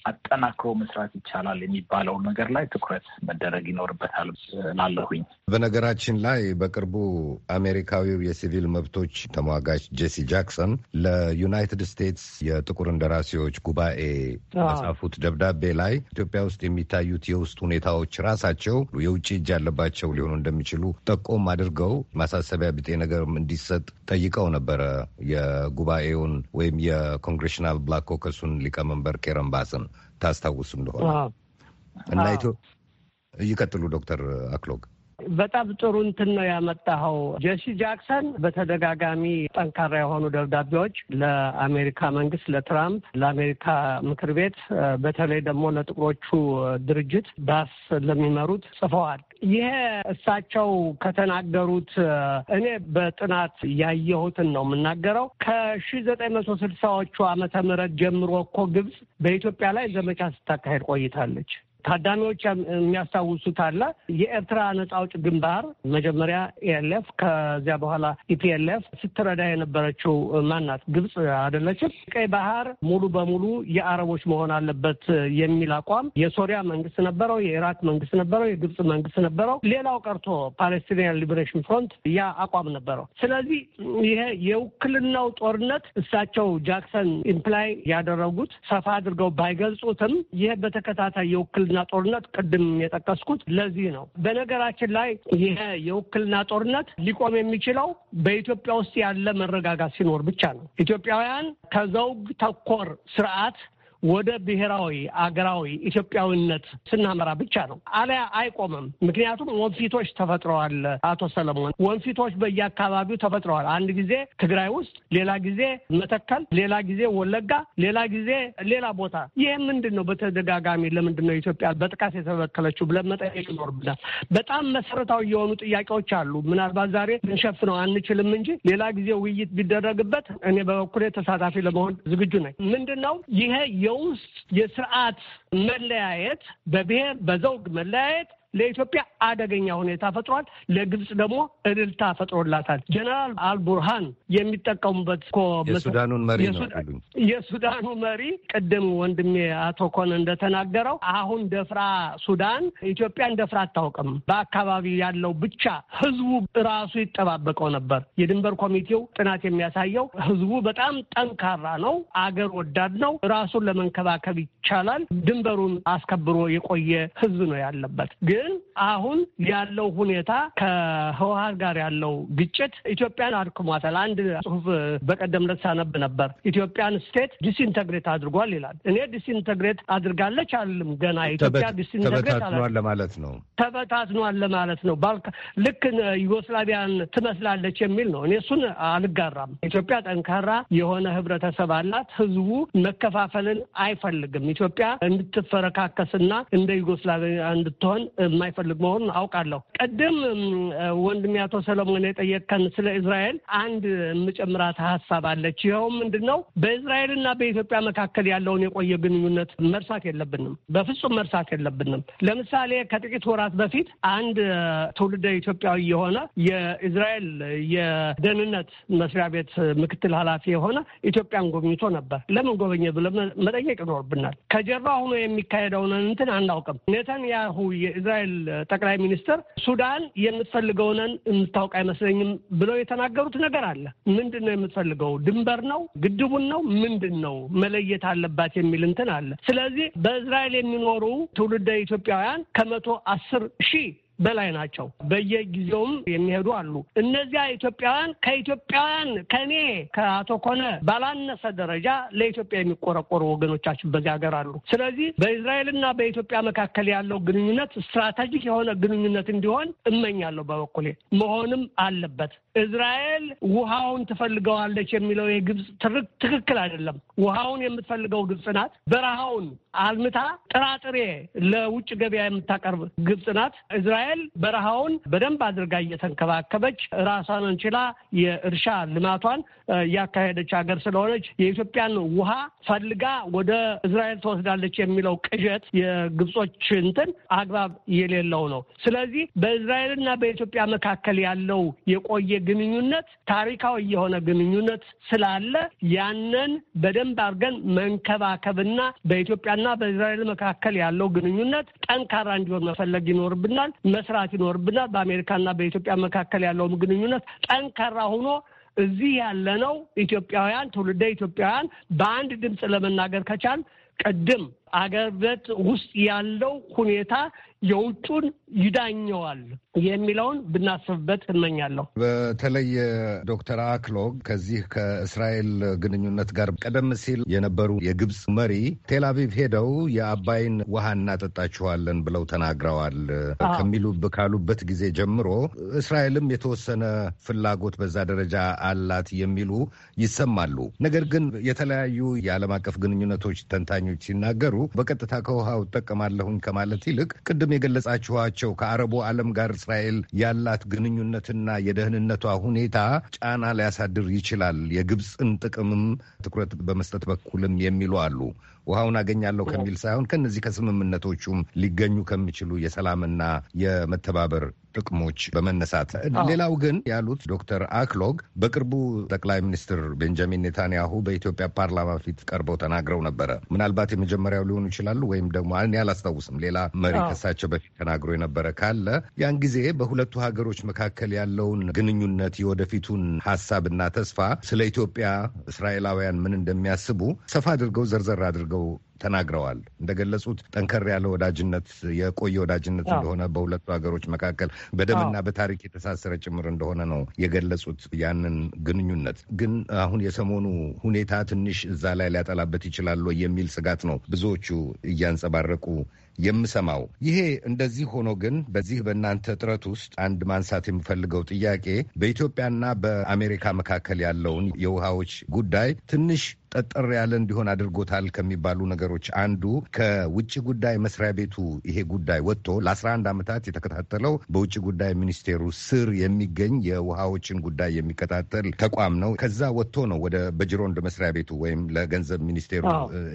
አጠናክሮ መስራት ይቻላል የሚባለው ነገር ላይ ትኩረት መደረግ ይኖርበታል ላለሁኝ። በነገራችን ላይ በቅርቡ አሜሪካዊው የሲቪል መብቶች ተሟጋች ጄሲ ጃክሰን ለዩናይትድ ስቴትስ የጥቁር እንደራሴዎች ጉባኤ በጻፉት ደብዳቤ ላይ ኢትዮጵያ ውስጥ የሚታዩት የውስጥ ሁኔታዎች ራሳቸው የውጭ እጅ ያለባቸው ሊሆኑ እንደሚችሉ ጠቆም አድርገው ማሳሰቢያ ቢጤ ነገርም እንዲሰጥ ጠይቀው ነበረ የጉባኤውን ወይም የኮንግሬሽናል ብላክ ኮከሱን ሊቀመንበር ኬረን ባስን ታስታውስም እንደሆነ እና ይቀጥሉ ዶክተር አክሎግ በጣም ጥሩ እንትን ነው ያመጣኸው። ጄሲ ጃክሰን በተደጋጋሚ ጠንካራ የሆኑ ደብዳቤዎች ለአሜሪካ መንግስት፣ ለትራምፕ፣ ለአሜሪካ ምክር ቤት በተለይ ደግሞ ለጥቁሮቹ ድርጅት ዳስ ለሚመሩት ጽፈዋል። ይሄ እሳቸው ከተናገሩት እኔ በጥናት ያየሁትን ነው የምናገረው። ከሺ ዘጠኝ መቶ ስልሳዎቹ ዓመተ ምህረት ጀምሮ እኮ ግብጽ በኢትዮጵያ ላይ ዘመቻ ስታካሄድ ቆይታለች። ታዳሚዎች የሚያስታውሱት አለ። የኤርትራ ነጻ አውጭ ግንባር መጀመሪያ ኢኤልኤፍ፣ ከዚያ በኋላ ኢፒኤልኤፍ ስትረዳ የነበረችው ማናት? ግብጽ አይደለችም? ቀይ ባህር ሙሉ በሙሉ የአረቦች መሆን አለበት የሚል አቋም የሶሪያ መንግስት ነበረው፣ የኢራቅ መንግስት ነበረው፣ የግብጽ መንግስት ነበረው። ሌላው ቀርቶ ፓለስቲኒያን ሊበሬሽን ፍሮንት ያ አቋም ነበረው። ስለዚህ ይሄ የውክልናው ጦርነት እሳቸው ጃክሰን ኢምፕላይ ያደረጉት ሰፋ አድርገው ባይገልጹትም ይሄ በተከታታይ የውክል የውክልና ጦርነት ቅድም የጠቀስኩት ለዚህ ነው። በነገራችን ላይ ይህ የውክልና ጦርነት ሊቆም የሚችለው በኢትዮጵያ ውስጥ ያለ መረጋጋት ሲኖር ብቻ ነው። ኢትዮጵያውያን ከዘውግ ተኮር ስርዓት ወደ ብሔራዊ አገራዊ ኢትዮጵያዊነት ስናመራ ብቻ ነው። አሊያ አይቆምም። ምክንያቱም ወንፊቶች ተፈጥረዋል። አቶ ሰለሞን ወንፊቶች በየአካባቢው ተፈጥረዋል። አንድ ጊዜ ትግራይ ውስጥ፣ ሌላ ጊዜ መተከል፣ ሌላ ጊዜ ወለጋ፣ ሌላ ጊዜ ሌላ ቦታ። ይህ ምንድን ነው? በተደጋጋሚ ለምንድን ነው ኢትዮጵያ በጥቃት የተበከለችው ብለን መጠየቅ ይኖርብናል። በጣም መሰረታዊ የሆኑ ጥያቄዎች አሉ። ምናልባት ዛሬ ልንሸፍነው አንችልም እንጂ ሌላ ጊዜ ውይይት ቢደረግበት እኔ በበኩሌ ተሳታፊ ለመሆን ዝግጁ ነኝ። ምንድን ነው ይሄ የውስጥ የስርዓት መለያየት፣ በብሔር በዘውግ መለያየት ለኢትዮጵያ አደገኛ ሁኔታ ፈጥሯል። ለግብጽ ደግሞ እልልታ ፈጥሮላታል። ጀነራል አልቡርሃን የሚጠቀሙበት እኮ የሱዳኑን መሪ የሱዳኑ መሪ ቅድም ወንድሜ አቶ ኮን እንደተናገረው አሁን ደፍራ ሱዳን ኢትዮጵያን ደፍራ አታውቅም። በአካባቢ ያለው ብቻ ህዝቡ ራሱ ይጠባበቀው ነበር። የድንበር ኮሚቴው ጥናት የሚያሳየው ህዝቡ በጣም ጠንካራ ነው፣ አገር ወዳድ ነው፣ ራሱን ለመንከባከብ ይቻላል። ድንበሩን አስከብሮ የቆየ ህዝብ ነው ያለበት ግን ግን አሁን ያለው ሁኔታ ከህወሀት ጋር ያለው ግጭት ኢትዮጵያን አድክሟታል። አንድ ጽሁፍ በቀደም ዕለት ሳነብ ነበር። ኢትዮጵያን ስቴት ዲስኢንተግሬት አድርጓል ይላል። እኔ ዲስኢንተግሬት አድርጋለች አልልም። ገና ኢትዮጵያ ዲስኢንተግሬት ለማለት ነው፣ ተበታትኗል ለማለት ነው። ባልካ ልክ ዩጎስላቪያን ትመስላለች የሚል ነው። እኔ እሱን አልጋራም። ኢትዮጵያ ጠንካራ የሆነ ህብረተሰብ አላት። ህዝቡ መከፋፈልን አይፈልግም። ኢትዮጵያ እንድትፈረካከስና እንደ ዩጎስላቪያ እንድትሆን የማይፈልግ መሆኑን አውቃለሁ። ቅድም ወንድሜ አቶ ሰለሞን የጠየቅከን ስለ እስራኤል አንድ የምጨምራት ሀሳብ አለች። ይኸውም ምንድን ነው? በእስራኤልና በኢትዮጵያ መካከል ያለውን የቆየ ግንኙነት መርሳት የለብንም። በፍጹም መርሳት የለብንም። ለምሳሌ ከጥቂት ወራት በፊት አንድ ትውልደ ኢትዮጵያዊ የሆነ የእስራኤል የደህንነት መስሪያ ቤት ምክትል ኃላፊ የሆነ ኢትዮጵያን ጎብኝቶ ነበር። ለምን ጎበኘ ብለ መጠየቅ ይኖርብናል። ከጀርባ ሆኖ የሚካሄደውን እንትን አናውቅም። ኔታንያሁ የእስራኤል የእስራኤል ጠቅላይ ሚኒስትር ሱዳን የምትፈልገውንን የምታውቅ አይመስለኝም ብለው የተናገሩት ነገር አለ። ምንድን ነው የምትፈልገው? ድንበር ነው? ግድቡን ነው? ምንድን ነው? መለየት አለባት የሚል እንትን አለ። ስለዚህ በእስራኤል የሚኖሩ ትውልደ ኢትዮጵያውያን ከመቶ አስር ሺህ በላይ ናቸው። በየጊዜውም የሚሄዱ አሉ። እነዚያ ኢትዮጵያውያን ከኢትዮጵያውያን ከእኔ ከአቶ ኮነ ባላነሰ ደረጃ ለኢትዮጵያ የሚቆረቆሩ ወገኖቻችን በዚህ ሀገር አሉ። ስለዚህ በእስራኤልና በኢትዮጵያ መካከል ያለው ግንኙነት ስትራቴጂክ የሆነ ግንኙነት እንዲሆን እመኛለሁ። በበኩሌ መሆንም አለበት። እስራኤል ውሃውን ትፈልገዋለች የሚለው የግብፅ ትርክ ትክክል አይደለም። ውሃውን የምትፈልገው ግብፅ ናት። በረሃውን አልምታ ጥራጥሬ ለውጭ ገበያ የምታቀርብ ግብፅ ናት። እስራኤል በረሃውን በደንብ አድርጋ እየተንከባከበች ራሷን እንችላ የእርሻ ልማቷን እያካሄደች ሀገር ስለሆነች የኢትዮጵያን ውሃ ፈልጋ ወደ እስራኤል ትወስዳለች የሚለው ቅዠት የግብጾች እንትን አግባብ የሌለው ነው። ስለዚህ በእስራኤልና በኢትዮጵያ መካከል ያለው የቆየ ግንኙነት ታሪካዊ የሆነ ግንኙነት ስላለ ያንን በደንብ አድርገን መንከባከብና በኢትዮጵያና በእስራኤል መካከል ያለው ግንኙነት ጠንካራ እንዲሆን መፈለግ ይኖርብናል፣ መስራት ይኖርብናል። በአሜሪካና በኢትዮጵያ መካከል ያለውም ግንኙነት ጠንካራ ሆኖ እዚህ ያለነው ኢትዮጵያውያን ትውልደ ኢትዮጵያውያን በአንድ ድምፅ ለመናገር ከቻል ቅድም አገር ቤት ውስጥ ያለው ሁኔታ የውጩን ይዳኘዋል የሚለውን ብናስብበት እመኛለሁ። በተለይ ዶክተር አክሎግ ከዚህ ከእስራኤል ግንኙነት ጋር ቀደም ሲል የነበሩ የግብፅ መሪ ቴልአቪቭ ሄደው የአባይን ውሃ እናጠጣችኋለን ብለው ተናግረዋል ከሚሉ ካሉበት ጊዜ ጀምሮ እስራኤልም የተወሰነ ፍላጎት በዛ ደረጃ አላት የሚሉ ይሰማሉ። ነገር ግን የተለያዩ የዓለም አቀፍ ግንኙነቶች ተንታኞች ሲናገሩ በቀጥታ ከውሃው እጠቀማለሁኝ ከማለት ይልቅ ቅድም የገለጻችኋቸው ከአረቡ ዓለም ጋር እስራኤል ያላት ግንኙነትና የደህንነቷ ሁኔታ ጫና ሊያሳድር ይችላል፣ የግብፅን ጥቅምም ትኩረት በመስጠት በኩልም የሚሉ አሉ። ውሃውን አገኛለሁ ከሚል ሳይሆን ከነዚህ ከስምምነቶቹም ሊገኙ ከሚችሉ የሰላምና የመተባበር ጥቅሞች በመነሳት ሌላው ግን ያሉት ዶክተር አክሎግ በቅርቡ ጠቅላይ ሚኒስትር ቤንጃሚን ኔታንያሁ በኢትዮጵያ ፓርላማ ፊት ቀርበው ተናግረው ነበረ። ምናልባት የመጀመሪያው ሊሆኑ ይችላሉ፣ ወይም ደግሞ እኔ አላስታውስም። ሌላ መሪ ከሳቸው በፊት ተናግሮ የነበረ ካለ ያን ጊዜ በሁለቱ ሀገሮች መካከል ያለውን ግንኙነት፣ የወደፊቱን ሀሳብና ተስፋ፣ ስለ ኢትዮጵያ እስራኤላውያን ምን እንደሚያስቡ ሰፋ አድርገው ዘርዘር አድርገው እሳቸው ተናግረዋል። እንደገለጹት ጠንከር ያለ ወዳጅነት የቆየ ወዳጅነት እንደሆነ በሁለቱ ሀገሮች መካከል በደምና በታሪክ የተሳሰረ ጭምር እንደሆነ ነው የገለጹት። ያንን ግንኙነት ግን አሁን የሰሞኑ ሁኔታ ትንሽ እዛ ላይ ሊያጠላበት ይችላል የሚል ስጋት ነው ብዙዎቹ እያንጸባረቁ የምሰማው። ይሄ እንደዚህ ሆኖ ግን በዚህ በእናንተ ጥረት ውስጥ አንድ ማንሳት የምፈልገው ጥያቄ በኢትዮጵያና በአሜሪካ መካከል ያለውን የውሃዎች ጉዳይ ትንሽ ጠጠር ያለ እንዲሆን አድርጎታል ከሚባሉ ነገሮች አንዱ ከውጭ ጉዳይ መስሪያ ቤቱ ይሄ ጉዳይ ወጥቶ ለ11 ዓመታት የተከታተለው በውጭ ጉዳይ ሚኒስቴሩ ስር የሚገኝ የውሃዎችን ጉዳይ የሚከታተል ተቋም ነው። ከዛ ወጥቶ ነው ወደ በጅሮንድ መስሪያ ቤቱ ወይም ለገንዘብ ሚኒስቴሩ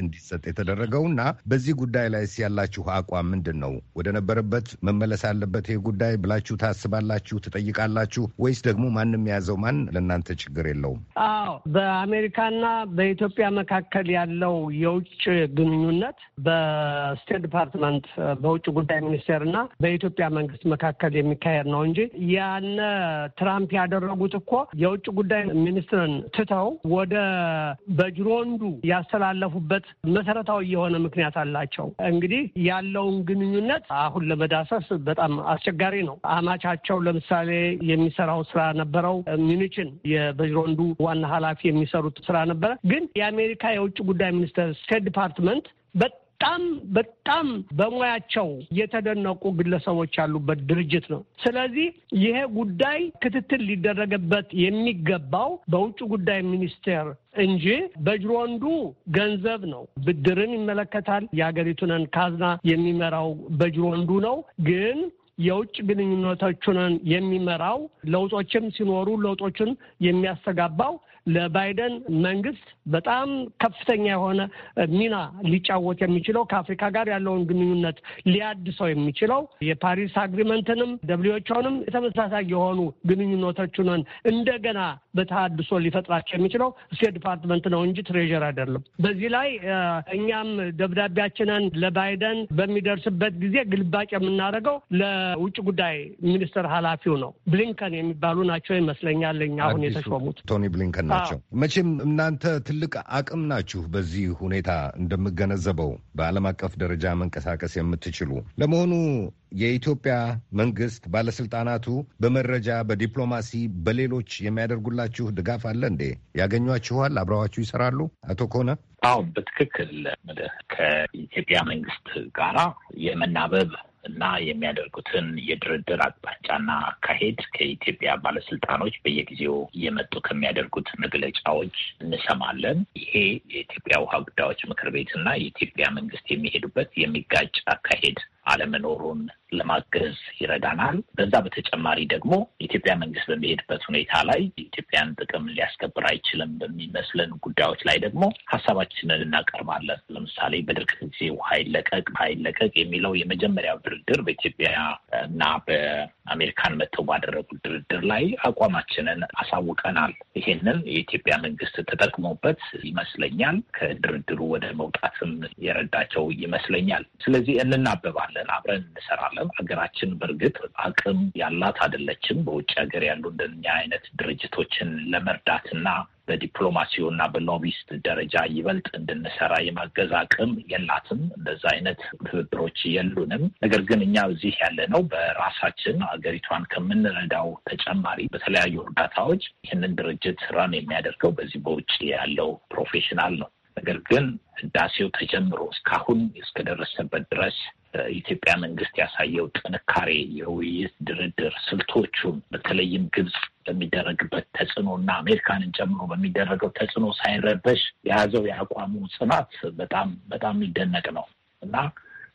እንዲሰጥ የተደረገው እና በዚህ ጉዳይ ላይ ያላችሁ አቋም ምንድን ነው? ወደ ነበረበት መመለስ አለበት ይሄ ጉዳይ ብላችሁ ታስባላችሁ? ትጠይቃላችሁ? ወይስ ደግሞ ማንም የያዘው ማን ለእናንተ ችግር የለውም? አዎ በአሜሪካና በኢትዮ በኢትዮጵያ መካከል ያለው የውጭ ግንኙነት በስቴት ዲፓርትመንት በውጭ ጉዳይ ሚኒስቴር እና በኢትዮጵያ መንግስት መካከል የሚካሄድ ነው እንጂ ያነ ትራምፕ ያደረጉት እኮ የውጭ ጉዳይ ሚኒስትርን ትተው ወደ በጅሮንዱ ያስተላለፉበት መሰረታዊ የሆነ ምክንያት አላቸው። እንግዲህ ያለውን ግንኙነት አሁን ለመዳሰስ በጣም አስቸጋሪ ነው። አማቻቸው ለምሳሌ የሚሰራው ስራ ነበረው። ሚኒችን የበጅሮንዱ ዋና ኃላፊ የሚሰሩት ስራ ነበረ። ግን የአሜሪካ የውጭ ጉዳይ ሚኒስቴር ስቴት ዲፓርትመንት በጣም በጣም በሙያቸው የተደነቁ ግለሰቦች ያሉበት ድርጅት ነው። ስለዚህ ይሄ ጉዳይ ክትትል ሊደረግበት የሚገባው በውጭ ጉዳይ ሚኒስቴር እንጂ በጅሮንዱ ገንዘብ ነው፣ ብድርን ይመለከታል። የሀገሪቱንን ካዝና የሚመራው በጅሮንዱ ነው ግን የውጭ ግንኙነቶችን የሚመራው ለውጦችም ሲኖሩ ለውጦችን የሚያስተጋባው ለባይደን መንግስት በጣም ከፍተኛ የሆነ ሚና ሊጫወት የሚችለው ከአፍሪካ ጋር ያለውን ግንኙነት ሊያድሰው የሚችለው የፓሪስ አግሪመንትንም ደብሊዎቹንም የተመሳሳይ የሆኑ ግንኙነቶችንን እንደገና በተሃድሶ ሊፈጥራቸው የሚችለው ስቴት ዲፓርትመንት ነው እንጂ ትሬዥር አይደለም። በዚህ ላይ እኛም ደብዳቤያችንን ለባይደን በሚደርስበት ጊዜ ግልባጭ የምናደርገው ለውጭ ጉዳይ ሚኒስትር ኃላፊው ነው ብሊንከን የሚባሉ ናቸው ይመስለኛል። አሁን የተሾሙት ቶኒ ብሊንከን ናቸው። መቼም እናንተ ትልቅ አቅም ናችሁ። በዚህ ሁኔታ እንደምገነዘበው በዓለም አቀፍ ደረጃ መንቀሳቀስ የምትችሉ ለመሆኑ የኢትዮጵያ መንግስት ባለስልጣናቱ በመረጃ በዲፕሎማሲ፣ በሌሎች የሚያደርጉላችሁ ድጋፍ አለ እንዴ? ያገኟችኋል? አብረዋችሁ ይሰራሉ? አቶ ከሆነ አሁን በትክክል ከኢትዮጵያ መንግስት ጋራ የመናበብ እና የሚያደርጉትን የድርድር አቅጣጫና አካሄድ ከኢትዮጵያ ባለስልጣኖች በየጊዜው እየመጡ ከሚያደርጉት መግለጫዎች እንሰማለን። ይሄ የኢትዮጵያ ውሃ ጉዳዮች ምክር ቤት እና የኢትዮጵያ መንግስት የሚሄዱበት የሚጋጭ አካሄድ አለመኖሩን ለማገዝ ይረዳናል። በዛ በተጨማሪ ደግሞ የኢትዮጵያ መንግስት በሚሄድበት ሁኔታ ላይ የኢትዮጵያን ጥቅም ሊያስከብር አይችልም በሚመስለን ጉዳዮች ላይ ደግሞ ሀሳባችንን እናቀርባለን። ለምሳሌ በድርቅ ጊዜ ውሃ ይለቀቅ ይለቀቅ የሚለው የመጀመሪያው ድርድር በኢትዮጵያ እና በአሜሪካን መጥተው ባደረጉት ድርድር ላይ አቋማችንን አሳውቀናል። ይሄንን የኢትዮጵያ መንግስት ተጠቅሞበት ይመስለኛል ከድርድሩ ወደ መውጣትም የረዳቸው ይመስለኛል። ስለዚህ እንናበባለን፣ አብረን እንሰራለን። ማህበረሰብ ሀገራችን በእርግጥ አቅም ያላት አይደለችም። በውጭ ሀገር ያሉ እንደኛ አይነት ድርጅቶችን ለመርዳትና በዲፕሎማሲው እና በሎቢስት ደረጃ ይበልጥ እንድንሰራ የማገዝ አቅም የላትም። እንደዛ አይነት ትብብሮች የሉንም። ነገር ግን እኛ እዚህ ያለነው በራሳችን አገሪቷን ከምንረዳው ተጨማሪ በተለያዩ እርዳታዎች ይህንን ድርጅት ራን የሚያደርገው በዚህ በውጭ ያለው ፕሮፌሽናል ነው። ነገር ግን ህዳሴው ተጀምሮ እስካሁን እስከደረሰበት ድረስ በኢትዮጵያ መንግስት ያሳየው ጥንካሬ የውይይት ድርድር ስልቶቹን በተለይም ግብጽ በሚደረግበት ተጽዕኖ እና አሜሪካንን ጨምሮ በሚደረገው ተጽዕኖ ሳይረበሽ የያዘው የአቋሙ ጽናት በጣም በጣም የሚደነቅ ነው እና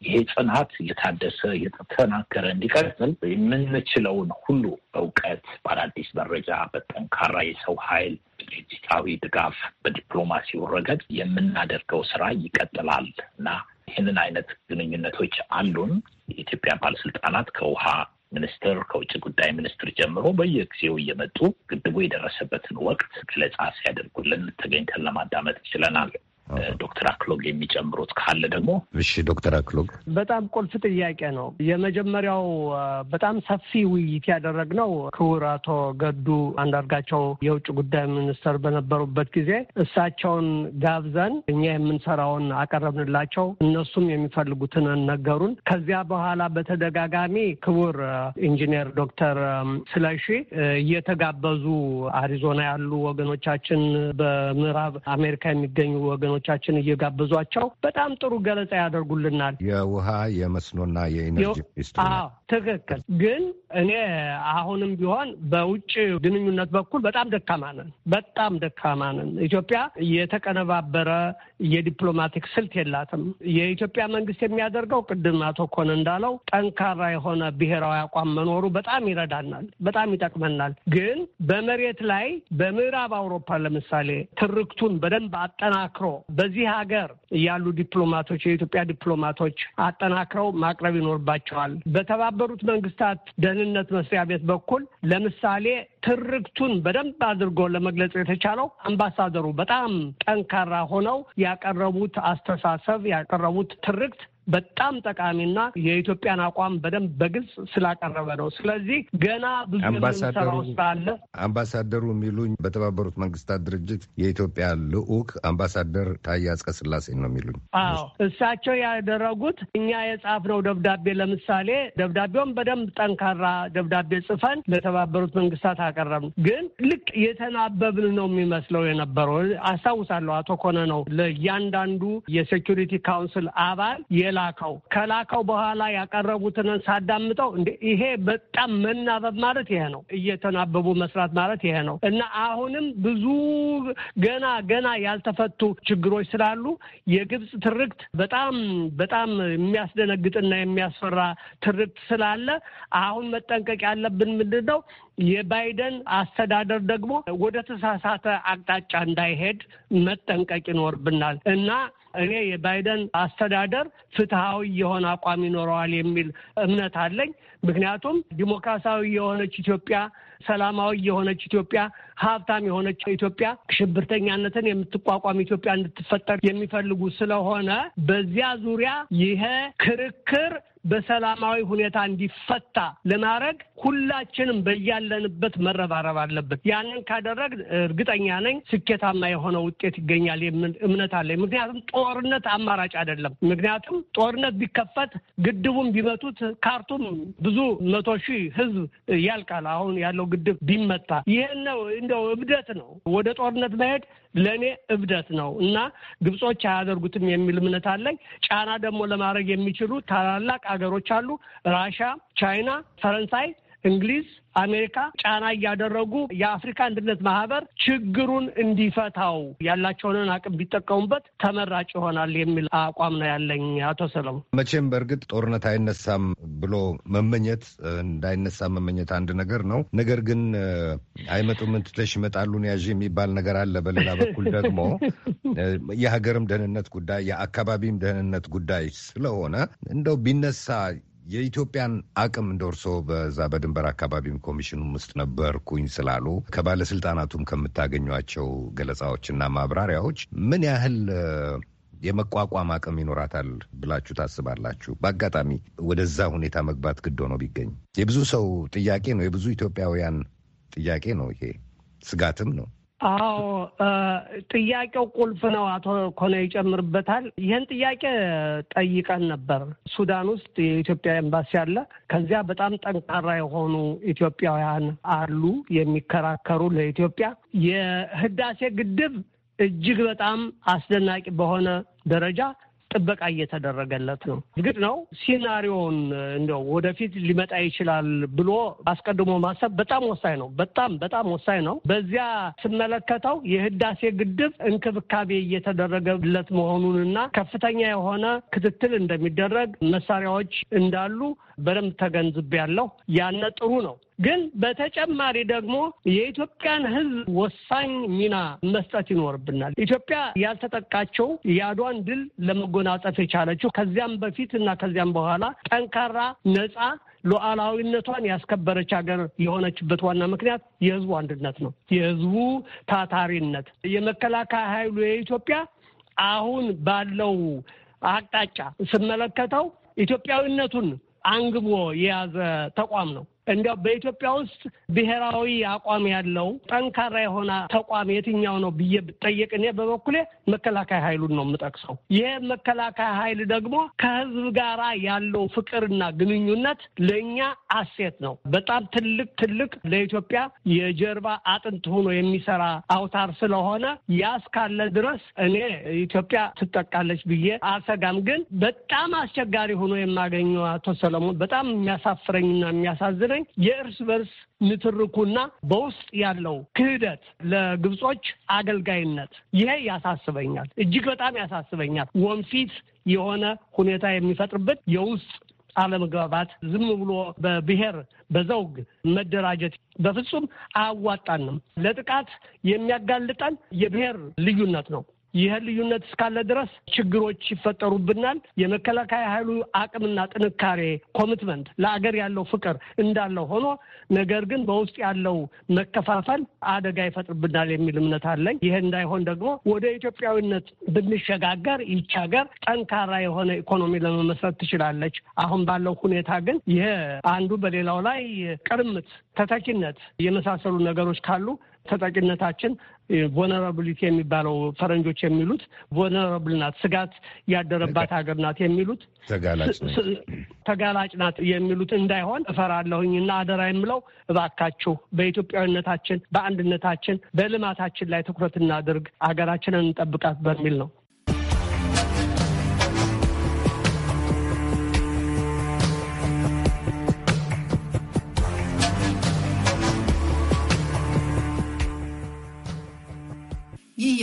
ይሄ ጽናት የታደሰ የተጠናከረ እንዲቀጥል የምንችለውን ሁሉ በእውቀት፣ በአዳዲስ መረጃ፣ በጠንካራ የሰው ኃይል፣ በድርጅታዊ ድጋፍ፣ በዲፕሎማሲው ረገድ የምናደርገው ስራ ይቀጥላል እና ይህንን አይነት ግንኙነቶች አሉን። የኢትዮጵያ ባለስልጣናት ከውሃ ሚኒስትር ከውጭ ጉዳይ ሚኒስትር ጀምሮ በየጊዜው እየመጡ ግድቡ የደረሰበትን ወቅት ገለጻ ሲያደርጉልን ተገኝተን ለማዳመጥ ችለናል። ዶክተር አክሎግ የሚጨምሩት ካለ ደግሞ። እሺ ዶክተር አክሎግ በጣም ቁልፍ ጥያቄ ነው። የመጀመሪያው በጣም ሰፊ ውይይት ያደረግነው ክቡር አቶ ገዱ አንዳርጋቸው የውጭ ጉዳይ ሚኒስትር በነበሩበት ጊዜ እሳቸውን ጋብዘን እኛ የምንሰራውን አቀረብንላቸው። እነሱም የሚፈልጉትን ነገሩን። ከዚያ በኋላ በተደጋጋሚ ክቡር ኢንጂነር ዶክተር ስለሺ እየተጋበዙ አሪዞና ያሉ ወገኖቻችን፣ በምዕራብ አሜሪካ የሚገኙ ወገኖች ወገኖቻችን እየጋበዟቸው በጣም ጥሩ ገለጻ ያደርጉልናል። የውሃ የመስኖና የኢነርጂ ሚኒስትሩ ትክክል። ግን እኔ አሁንም ቢሆን በውጭ ግንኙነት በኩል በጣም ደካማ ነን፣ በጣም ደካማ ነን። ኢትዮጵያ የተቀነባበረ የዲፕሎማቲክ ስልት የላትም። የኢትዮጵያ መንግስት የሚያደርገው ቅድም አቶ ኮን እንዳለው ጠንካራ የሆነ ብሔራዊ አቋም መኖሩ በጣም ይረዳናል፣ በጣም ይጠቅመናል። ግን በመሬት ላይ በምዕራብ አውሮፓ ለምሳሌ ትርክቱን በደንብ አጠናክሮ በዚህ ሀገር ያሉ ዲፕሎማቶች የኢትዮጵያ ዲፕሎማቶች አጠናክረው ማቅረብ ይኖርባቸዋል። በተባበሩት መንግስታት ደህንነት መስሪያ ቤት በኩል ለምሳሌ ትርክቱን በደንብ አድርጎ ለመግለጽ የተቻለው አምባሳደሩ በጣም ጠንካራ ሆነው ያቀረቡት አስተሳሰብ ያቀረቡት ትርክት በጣም ጠቃሚና የኢትዮጵያን አቋም በደንብ በግልጽ ስላቀረበ ነው። ስለዚህ ገና ብዙ የምንሰራው አምባሳደሩ የሚሉኝ በተባበሩት መንግስታት ድርጅት የኢትዮጵያ ልዑክ አምባሳደር ታዬ አጽቀ ስላሴ ነው የሚሉኝ። አዎ እሳቸው ያደረጉት እኛ የጻፍነው ደብዳቤ ለምሳሌ ደብዳቤውን በደንብ ጠንካራ ደብዳቤ ጽፈን ለተባበሩት መንግስታት አቀረብን። ግን ልክ የተናበብን ነው የሚመስለው የነበረው። አስታውሳለሁ አቶ ኮነ ነው ለእያንዳንዱ የሴኪሪቲ ካውንስል አባል የላ የላከው ከላከው በኋላ ያቀረቡትንን ሳዳምጠው እንደ ይሄ በጣም መናበብ ማለት ይሄ ነው። እየተናበቡ መስራት ማለት ይሄ ነው እና አሁንም ብዙ ገና ገና ያልተፈቱ ችግሮች ስላሉ የግብፅ ትርክት በጣም በጣም የሚያስደነግጥና የሚያስፈራ ትርክት ስላለ አሁን መጠንቀቅ ያለብን ምንድን ነው? የባይደን አስተዳደር ደግሞ ወደ ተሳሳተ አቅጣጫ እንዳይሄድ መጠንቀቅ ይኖርብናል እና እኔ የባይደን አስተዳደር ፍትሐዊ የሆነ አቋም ይኖረዋል የሚል እምነት አለኝ። ምክንያቱም ዲሞክራሲያዊ የሆነች ኢትዮጵያ ሰላማዊ የሆነች ኢትዮጵያ፣ ሀብታም የሆነች ኢትዮጵያ፣ ሽብርተኛነትን የምትቋቋም ኢትዮጵያ እንድትፈጠር የሚፈልጉ ስለሆነ በዚያ ዙሪያ ይሄ ክርክር በሰላማዊ ሁኔታ እንዲፈታ ለማድረግ ሁላችንም በያለንበት መረባረብ አለበት። ያንን ካደረግ እርግጠኛ ነኝ ስኬታማ የሆነ ውጤት ይገኛል የሚል እምነት አለኝ። ምክንያቱም ጦርነት አማራጭ አይደለም። ምክንያቱም ጦርነት ቢከፈት ግድቡም ቢመቱት ካርቱም ብዙ መቶ ሺህ ህዝብ ያልቃል። አሁን ያለው ግድብ ቢመታ ይህ ነው እንደው እብደት ነው። ወደ ጦርነት መሄድ ለእኔ እብደት ነው እና ግብጾች አያደርጉትም የሚል እምነት አለኝ። ጫና ደግሞ ለማድረግ የሚችሉ ታላላቅ ሀገሮች አሉ። ራሻ፣ ቻይና፣ ፈረንሳይ እንግሊዝ፣ አሜሪካ ጫና እያደረጉ የአፍሪካ አንድነት ማህበር ችግሩን እንዲፈታው ያላቸውን አቅም ቢጠቀሙበት ተመራጭ ይሆናል የሚል አቋም ነው ያለኝ። አቶ ሰለሞን፣ መቼም በእርግጥ ጦርነት አይነሳም ብሎ መመኘት እንዳይነሳ መመኘት አንድ ነገር ነው። ነገር ግን አይመጡም እንትተሽ ይመጣሉን ያዥ የሚባል ነገር አለ። በሌላ በኩል ደግሞ የሀገርም ደህንነት ጉዳይ የአካባቢም ደህንነት ጉዳይ ስለሆነ እንደው ቢነሳ የኢትዮጵያን አቅም እንደርሶ በዛ በድንበር አካባቢም ኮሚሽኑም ውስጥ ነበርኩኝ ስላሉ ከባለስልጣናቱም ከምታገኟቸው ገለጻዎችና ማብራሪያዎች ምን ያህል የመቋቋም አቅም ይኖራታል ብላችሁ ታስባላችሁ? በአጋጣሚ ወደዛ ሁኔታ መግባት ግድ ሆኖ ቢገኝ የብዙ ሰው ጥያቄ ነው፣ የብዙ ኢትዮጵያውያን ጥያቄ ነው፣ ይሄ ስጋትም ነው። አዎ ጥያቄው ቁልፍ ነው። አቶ ኮነ ይጨምርበታል። ይህን ጥያቄ ጠይቀን ነበር። ሱዳን ውስጥ የኢትዮጵያ ኤምባሲ አለ። ከዚያ በጣም ጠንካራ የሆኑ ኢትዮጵያውያን አሉ የሚከራከሩ ለኢትዮጵያ የህዳሴ ግድብ እጅግ በጣም አስደናቂ በሆነ ደረጃ ጥበቃ እየተደረገለት ነው። እርግጥ ነው ሲናሪዮን እንደው ወደፊት ሊመጣ ይችላል ብሎ አስቀድሞ ማሰብ በጣም ወሳኝ ነው። በጣም በጣም ወሳኝ ነው። በዚያ ስመለከተው የህዳሴ ግድብ እንክብካቤ እየተደረገለት መሆኑንና ከፍተኛ የሆነ ክትትል እንደሚደረግ መሳሪያዎች እንዳሉ በደንብ ተገንዝቤያለሁ። ያነ ጥሩ ነው። ግን በተጨማሪ ደግሞ የኢትዮጵያን ሕዝብ ወሳኝ ሚና መስጠት ይኖርብናል። ኢትዮጵያ ያልተጠቃቸው የአድዋን ድል ለመጎናጸፍ የቻለችው ከዚያም በፊት እና ከዚያም በኋላ ጠንካራ ነጻ ሉዓላዊነቷን ያስከበረች ሀገር የሆነችበት ዋና ምክንያት የህዝቡ አንድነት ነው። የህዝቡ ታታሪነት የመከላከያ ኃይሉ የኢትዮጵያ አሁን ባለው አቅጣጫ ስመለከተው ኢትዮጵያዊነቱን አንግቦ የያዘ ተቋም ነው። እንዲያው በኢትዮጵያ ውስጥ ብሔራዊ አቋም ያለው ጠንካራ የሆነ ተቋም የትኛው ነው ብዬ ብጠየቅ እኔ በበኩሌ መከላከያ ኃይሉን ነው የምጠቅሰው። ይህ መከላከያ ኃይል ደግሞ ከህዝብ ጋር ያለው ፍቅርና ግንኙነት ለእኛ አሴት ነው። በጣም ትልቅ ትልቅ ለኢትዮጵያ የጀርባ አጥንት ሆኖ የሚሰራ አውታር ስለሆነ ያስካለ ድረስ እኔ ኢትዮጵያ ትጠቃለች ብዬ አልሰጋም። ግን በጣም አስቸጋሪ ሆኖ የማገኘው አቶ ሰለሞን በጣም የሚያሳፍረኝና የሚያሳዝነ? ሲመስለኝ የእርስ በርስ ንትርኩና በውስጥ ያለው ክህደት ለግብጾች አገልጋይነት ይሄ ያሳስበኛል፣ እጅግ በጣም ያሳስበኛል። ወንፊት የሆነ ሁኔታ የሚፈጥርበት የውስጥ አለመግባባት ዝም ብሎ በብሔር በዘውግ መደራጀት በፍጹም አያዋጣንም። ለጥቃት የሚያጋልጠን የብሔር ልዩነት ነው። ይህ ልዩነት እስካለ ድረስ ችግሮች ይፈጠሩብናል። የመከላከያ ኃይሉ አቅምና ጥንካሬ፣ ኮሚትመንት፣ ለአገር ያለው ፍቅር እንዳለው ሆኖ ነገር ግን በውስጥ ያለው መከፋፈል አደጋ ይፈጥርብናል የሚል እምነት አለኝ። ይህ እንዳይሆን ደግሞ ወደ ኢትዮጵያዊነት ብንሸጋገር ይህች ሀገር ጠንካራ የሆነ ኢኮኖሚ ለመመስረት ትችላለች። አሁን ባለው ሁኔታ ግን ይሄ አንዱ በሌላው ላይ ቅርምት፣ ተተኪነት የመሳሰሉ ነገሮች ካሉ ተጠቂነታችን ቮነራብሊቲ የሚባለው ፈረንጆች የሚሉት ቮነራብል ናት፣ ስጋት ያደረባት ሀገር ናት የሚሉት ተጋላጭ ናት የሚሉት እንዳይሆን እፈራለሁኝ እና አደራ የምለው እባካችሁ በኢትዮጵያዊነታችን፣ በአንድነታችን፣ በልማታችን ላይ ትኩረት እናድርግ፣ ሀገራችንን እንጠብቃት በሚል ነው።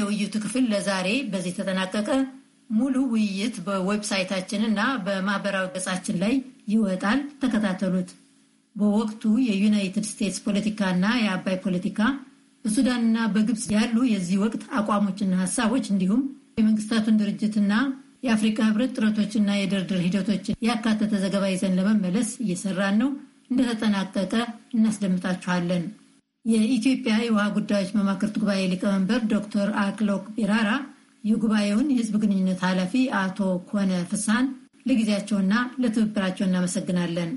የውይይቱ ክፍል ለዛሬ በዚህ ተጠናቀቀ። ሙሉ ውይይት በዌብሳይታችን እና በማህበራዊ ገጻችን ላይ ይወጣል። ተከታተሉት። በወቅቱ የዩናይትድ ስቴትስ ፖለቲካና የአባይ ፖለቲካ በሱዳንና በግብፅ ያሉ የዚህ ወቅት አቋሞችና ሀሳቦች እንዲሁም የመንግስታቱን ድርጅትና የአፍሪካ ህብረት ጥረቶችና የድርድር ሂደቶችን ያካተተ ዘገባ ይዘን ለመመለስ እየሰራን ነው። እንደተጠናቀቀ እናስደምጣችኋለን። የኢትዮጵያ የውሃ ጉዳዮች መማክርት ጉባኤ ሊቀመንበር ዶክተር አክሎክ ቢራራ የጉባኤውን የህዝብ ግንኙነት ኃላፊ አቶ ኮነ ፍሳን ለጊዜያቸውና ለትብብራቸው እናመሰግናለን።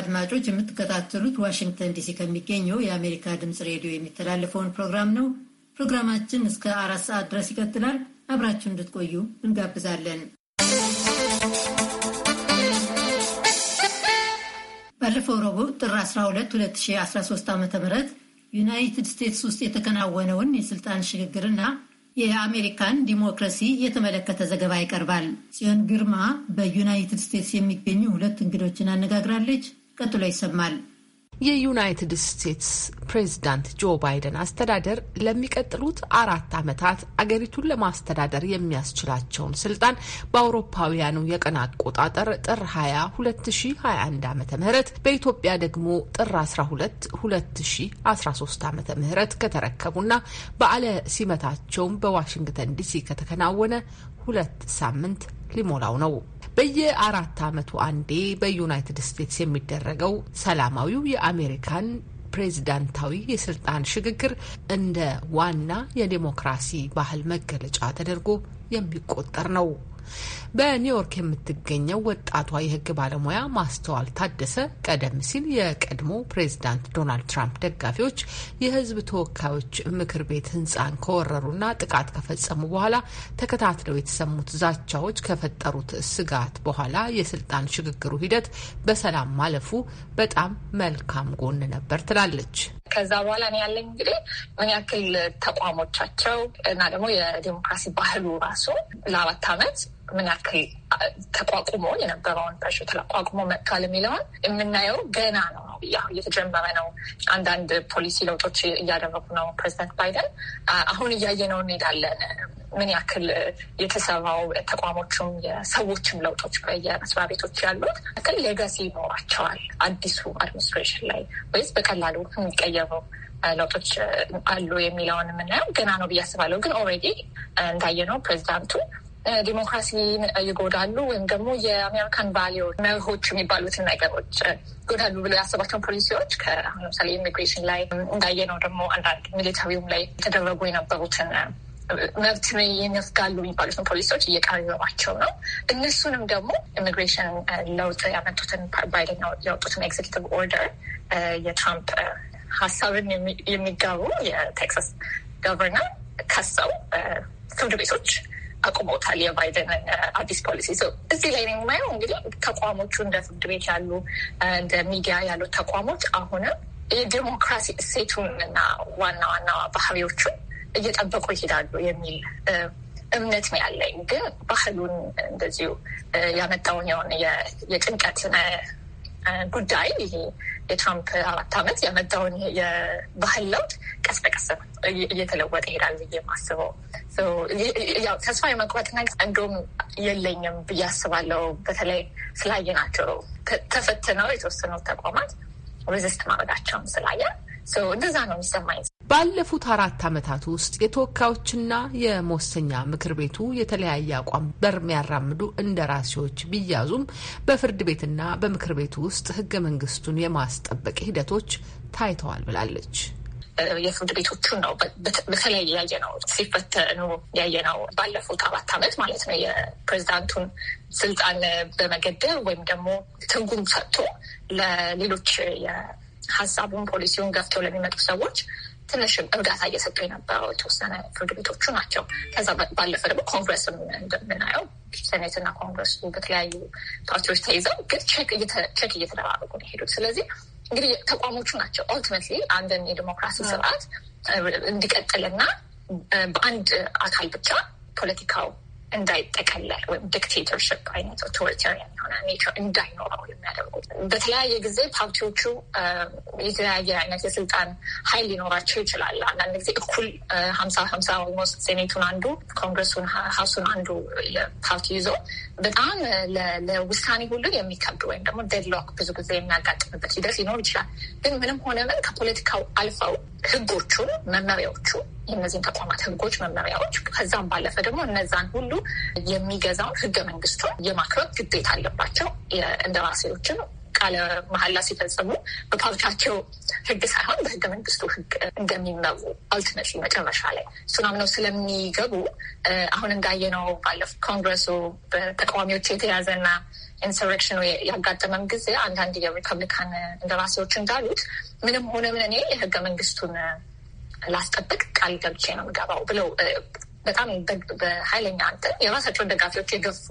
አድማጮች የምትከታተሉት ዋሽንግተን ዲሲ ከሚገኘው የአሜሪካ ድምፅ ሬዲዮ የሚተላለፈውን ፕሮግራም ነው። ፕሮግራማችን እስከ አራት ሰዓት ድረስ ይቀጥላል። አብራችሁ እንድትቆዩ እንጋብዛለን። ባለፈው ረቡዕ ጥር 12 2013 ዓ ም ዩናይትድ ስቴትስ ውስጥ የተከናወነውን የስልጣን ሽግግርና የአሜሪካን ዲሞክራሲ የተመለከተ ዘገባ ይቀርባል። ጽዮን ግርማ በዩናይትድ ስቴትስ የሚገኙ ሁለት እንግዶችን አነጋግራለች። ቀጥሎ ይሰማል። የዩናይትድ ስቴትስ ፕሬዚዳንት ጆ ባይደን አስተዳደር ለሚቀጥሉት አራት ዓመታት አገሪቱን ለማስተዳደር የሚያስችላቸውን ስልጣን በአውሮፓውያኑ የቀን አቆጣጠር ጥር 20 2021 ዓ ም በኢትዮጵያ ደግሞ ጥር 12 2013 ዓ ም ከተረከቡና በዓለ ሲመታቸውም በዋሽንግተን ዲሲ ከተከናወነ ሁለት ሳምንት ሊሞላው ነው። በየአራት ዓመቱ አንዴ በዩናይትድ ስቴትስ የሚደረገው ሰላማዊው የአሜሪካን ፕሬዚዳንታዊ የስልጣን ሽግግር እንደ ዋና የዴሞክራሲ ባህል መገለጫ ተደርጎ የሚቆጠር ነው። በኒውዮርክ የምትገኘው ወጣቷ የህግ ባለሙያ ማስተዋል ታደሰ ቀደም ሲል የቀድሞ ፕሬዚዳንት ዶናልድ ትራምፕ ደጋፊዎች የህዝብ ተወካዮች ምክር ቤት ህንፃን ከወረሩና ጥቃት ከፈጸሙ በኋላ ተከታትለው የተሰሙት ዛቻዎች ከፈጠሩት ስጋት በኋላ የስልጣን ሽግግሩ ሂደት በሰላም ማለፉ በጣም መልካም ጎን ነበር ትላለች። ከዛ በኋላ ነው ያለኝ እንግዲህ ምን ያክል ተቋሞቻቸው እና ደግሞ የዴሞክራሲ ባህሉ ራሱ ለአራት ዓመት ምን ያክል ተቋቁሞ የነበረውን በሽታ ተቋቁሞ መጥቷል የሚለውን የምናየው ገና ነው ነው እየተጀመረ ነው። አንዳንድ ፖሊሲ ለውጦች እያደረጉ ነው ፕሬዚደንት ባይደን። አሁን እያየነው እንሄዳለን ምን ያክል የተሰራው ተቋሞቹም የሰዎችም ለውጦች በየመስሪያ ቤቶች ያሉት ያክል ሌጋሲ ይኖራቸዋል አዲሱ አድሚኒስትሬሽን ላይ ወይስ በቀላሉ የሚቀየሩ ለውጦች አሉ የሚለውን የምናየው ገና ነው ብዬ አስባለሁ። ግን ኦልሬዲ እንዳየነው ፕሬዚዳንቱ ዲሞክራሲን ይጎዳሉ ወይም ደግሞ የአሜሪካን ቫሊዎች መርሆች የሚባሉትን ነገሮች ይጎዳሉ ብሎ ያሰባቸውን ፖሊሲዎች ከአሁን ለምሳሌ ኢሚግሬሽን ላይ ነው ደግሞ አንዳንድ ሚሊታሪውም ላይ የተደረጉ የነበሩትን መብት ይነፍጋሉ የሚባሉትን ፖሊሲዎች እየቀረባቸው ነው። እነሱንም ደግሞ ኢሚግሬሽን ለውጥ ያመጡትን ባይደን ያወጡትን ኤግዚኪቲቭ ኦርደር የትራምፕ ሀሳብን የሚጋሩ የቴክሳስ ገቨርነር ከሰው ፍርድ ቤቶች አቁሞታል የባይደንን uh, አዲስ ፖሊሲ። እዚህ ላይ የማየው እንግዲህ ተቋሞቹ እንደ ፍርድ ቤት ያሉ uh, እንደ ሚዲያ ያሉ ተቋሞች አሁንም የዲሞክራሲ እሴቱን እና ዋና ዋና ባህሪዎቹን እየጠበቁ ይሄዳሉ የሚል uh, እምነት ያለኝ። ግን ባህሉን እንደዚሁ ያመጣውን የሆነ የጭንቀት ጉዳይ ይሄ የትራምፕ አራት ዓመት ያመጣውን የባህል ለውጥ ቀስ በቀስ እየተለወጠ ይሄዳል ብዬ የማስበው ተስፋ የመቁረጥ ነገር እንደውም የለኝም ብዬ አስባለሁ። በተለይ ስላየናቸው ተፈትነው የተወሰኑ ተቋማት ሬዚስት ማድረጋቸውን ስላየን እንደዛ ነው የሚሰማኝ። ባለፉት አራት ዓመታት ውስጥ የተወካዮችና የመወሰኛ ምክር ቤቱ የተለያየ አቋም በሚያራምዱ እንደራሴዎች ቢያዙም በፍርድ ቤትና በምክር ቤቱ ውስጥ ህገ መንግስቱን የማስጠበቅ ሂደቶች ታይተዋል ብላለች። የፍርድ ቤቶቹ ነው በተለይ ያየ ነው ሲፈተኑ ያየ ነው። ባለፉት አራት ዓመት ማለት ነው የፕሬዚዳንቱን ስልጣን በመገደብ ወይም ደግሞ ትርጉም ሰጥቶ ለሌሎች ሀሳቡን ፖሊሲውን ገፍተው ለሚመጡ ሰዎች ትንሽ እርጋታ እየሰጡ የነበረው የተወሰነ ፍርድ ቤቶቹ ናቸው። ከዛ ባለፈ ደግሞ ኮንግረስ እንደምናየው ሴኔትና ኮንግረሱ በተለያዩ ፓርቲዎች ተይዘው ግን ቼክ እየተደራረጉ ነው የሄዱት። ስለዚህ እንግዲህ ተቋሞቹ ናቸው ኦልቲሜትሊ አንድን የዲሞክራሲ ስርዓት እንዲቀጥልና በአንድ አካል ብቻ ፖለቲካው እንዳይጠቀለል ወይም ዲክቴተርሽፕ አይነት ኦቶሪታሪያን የሆነ ኔቸር እንዳይኖረው የሚያደርጉት በተለያየ ጊዜ ፓርቲዎቹ የተለያየ አይነት የስልጣን ሀይል ሊኖራቸው ይችላል። አንዳንድ ጊዜ እኩል ሀምሳ ሀምሳ ኦልሞስት ሴኔቱን አንዱ ኮንግረሱን ሀሱን አንዱ ፓርቲ ይዞ በጣም ለውሳኔ ሁሉ የሚከብድ ወይም ደግሞ ዴድሎክ ብዙ ጊዜ የሚያጋጥምበት ሂደት ሊኖር ይችላል። ግን ምንም ሆነ ምን ከፖለቲካው አልፈው ህጎቹን፣ መመሪያዎቹ የእነዚህን ተቋማት ህጎች፣ መመሪያዎች ከዛም ባለፈ ደግሞ እነዛን ሁሉ የሚገዛውን ህገ መንግስቱን የማክበብ ግዴታ አለ ያለባቸው እንደራሴዎችን ቃለ መሀላ ሲፈጽሙ በፓርቲያቸው ህግ ሳይሆን በህገ መንግስቱ ህግ እንደሚመሩ አልትነት መጨረሻ ላይ እሱን አምነው ስለሚገቡ አሁን እንዳየነው ባለፈው ኮንግረሱ በተቃዋሚዎች የተያዘ የተያዘና ኢንሰሬክሽኑ ያጋጠመም ጊዜ አንዳንድ የሪፐብሊካን እንደራሴዎች እንዳሉት ምንም ሆነ ምን እኔ የሕገ መንግስቱን ላስጠብቅ ቃል ገብቼ ነው የምገባው ብለው በጣም በኃይለኛ እንትን የራሳቸውን ደጋፊዎች የገፉ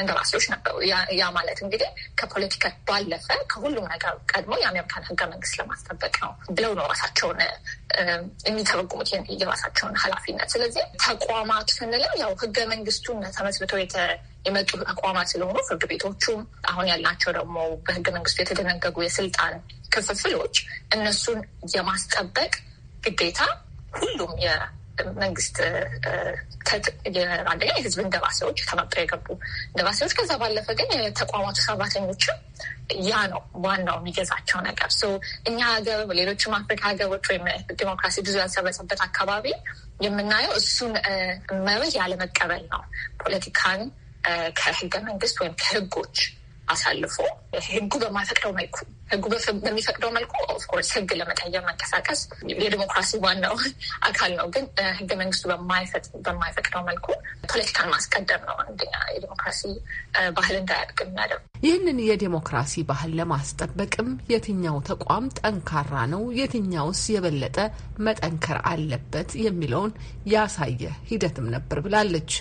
እንደራሴዎች ነበሩ። ያ ማለት እንግዲህ ከፖለቲካ ባለፈ ከሁሉም ነገር ቀድሞ የአሜሪካን ሕገ መንግስት ለማስጠበቅ ነው ብለው ነው ራሳቸውን የሚተረጉሙት የራሳቸውን ኃላፊነት። ስለዚህ ተቋማት ስንልም ያው ሕገ መንግስቱን ተመስርተው የመጡ ተቋማት ስለሆኑ ፍርድ ቤቶቹም አሁን ያላቸው ደግሞ በሕገ መንግስቱ የተደነገጉ የስልጣን ክፍፍሎች እነሱን የማስጠበቅ ግዴታ ሁሉም መንግስት አንደኛ የህዝብ እንደባሴዎች ተመርጠው የገቡ እንደባሴዎች፣ ከዛ ባለፈ ግን የተቋማቱ ሰራተኞችም ያ ነው ዋናው የሚገዛቸው ነገር። እኛ ሀገር፣ ሌሎችም አፍሪካ ሀገሮች ወይም ዲሞክራሲ ብዙ ያልሰረጸበት አካባቢ የምናየው እሱን መርህ ያለመቀበል ነው። ፖለቲካን ከህገ መንግስት ወይም ከህጎች አሳልፎ ህጉ በማይፈቅደው መልኩ ህጉ በሚፈቅደው መልኩ ኦፍኮርስ ህግ ለመቀየር መንቀሳቀስ የዲሞክራሲ ዋናው አካል ነው። ግን ህገ መንግስቱ በማይፈቅደው መልኩ ፖለቲካን ማስቀደም ነው አንደኛ የዲሞክራሲ ባህል እንዳያድግ የሚያደርግ። ይህንን የዲሞክራሲ ባህል ለማስጠበቅም የትኛው ተቋም ጠንካራ ነው፣ የትኛውስ የበለጠ መጠንከር አለበት የሚለውን ያሳየ ሂደትም ነበር ብላለች።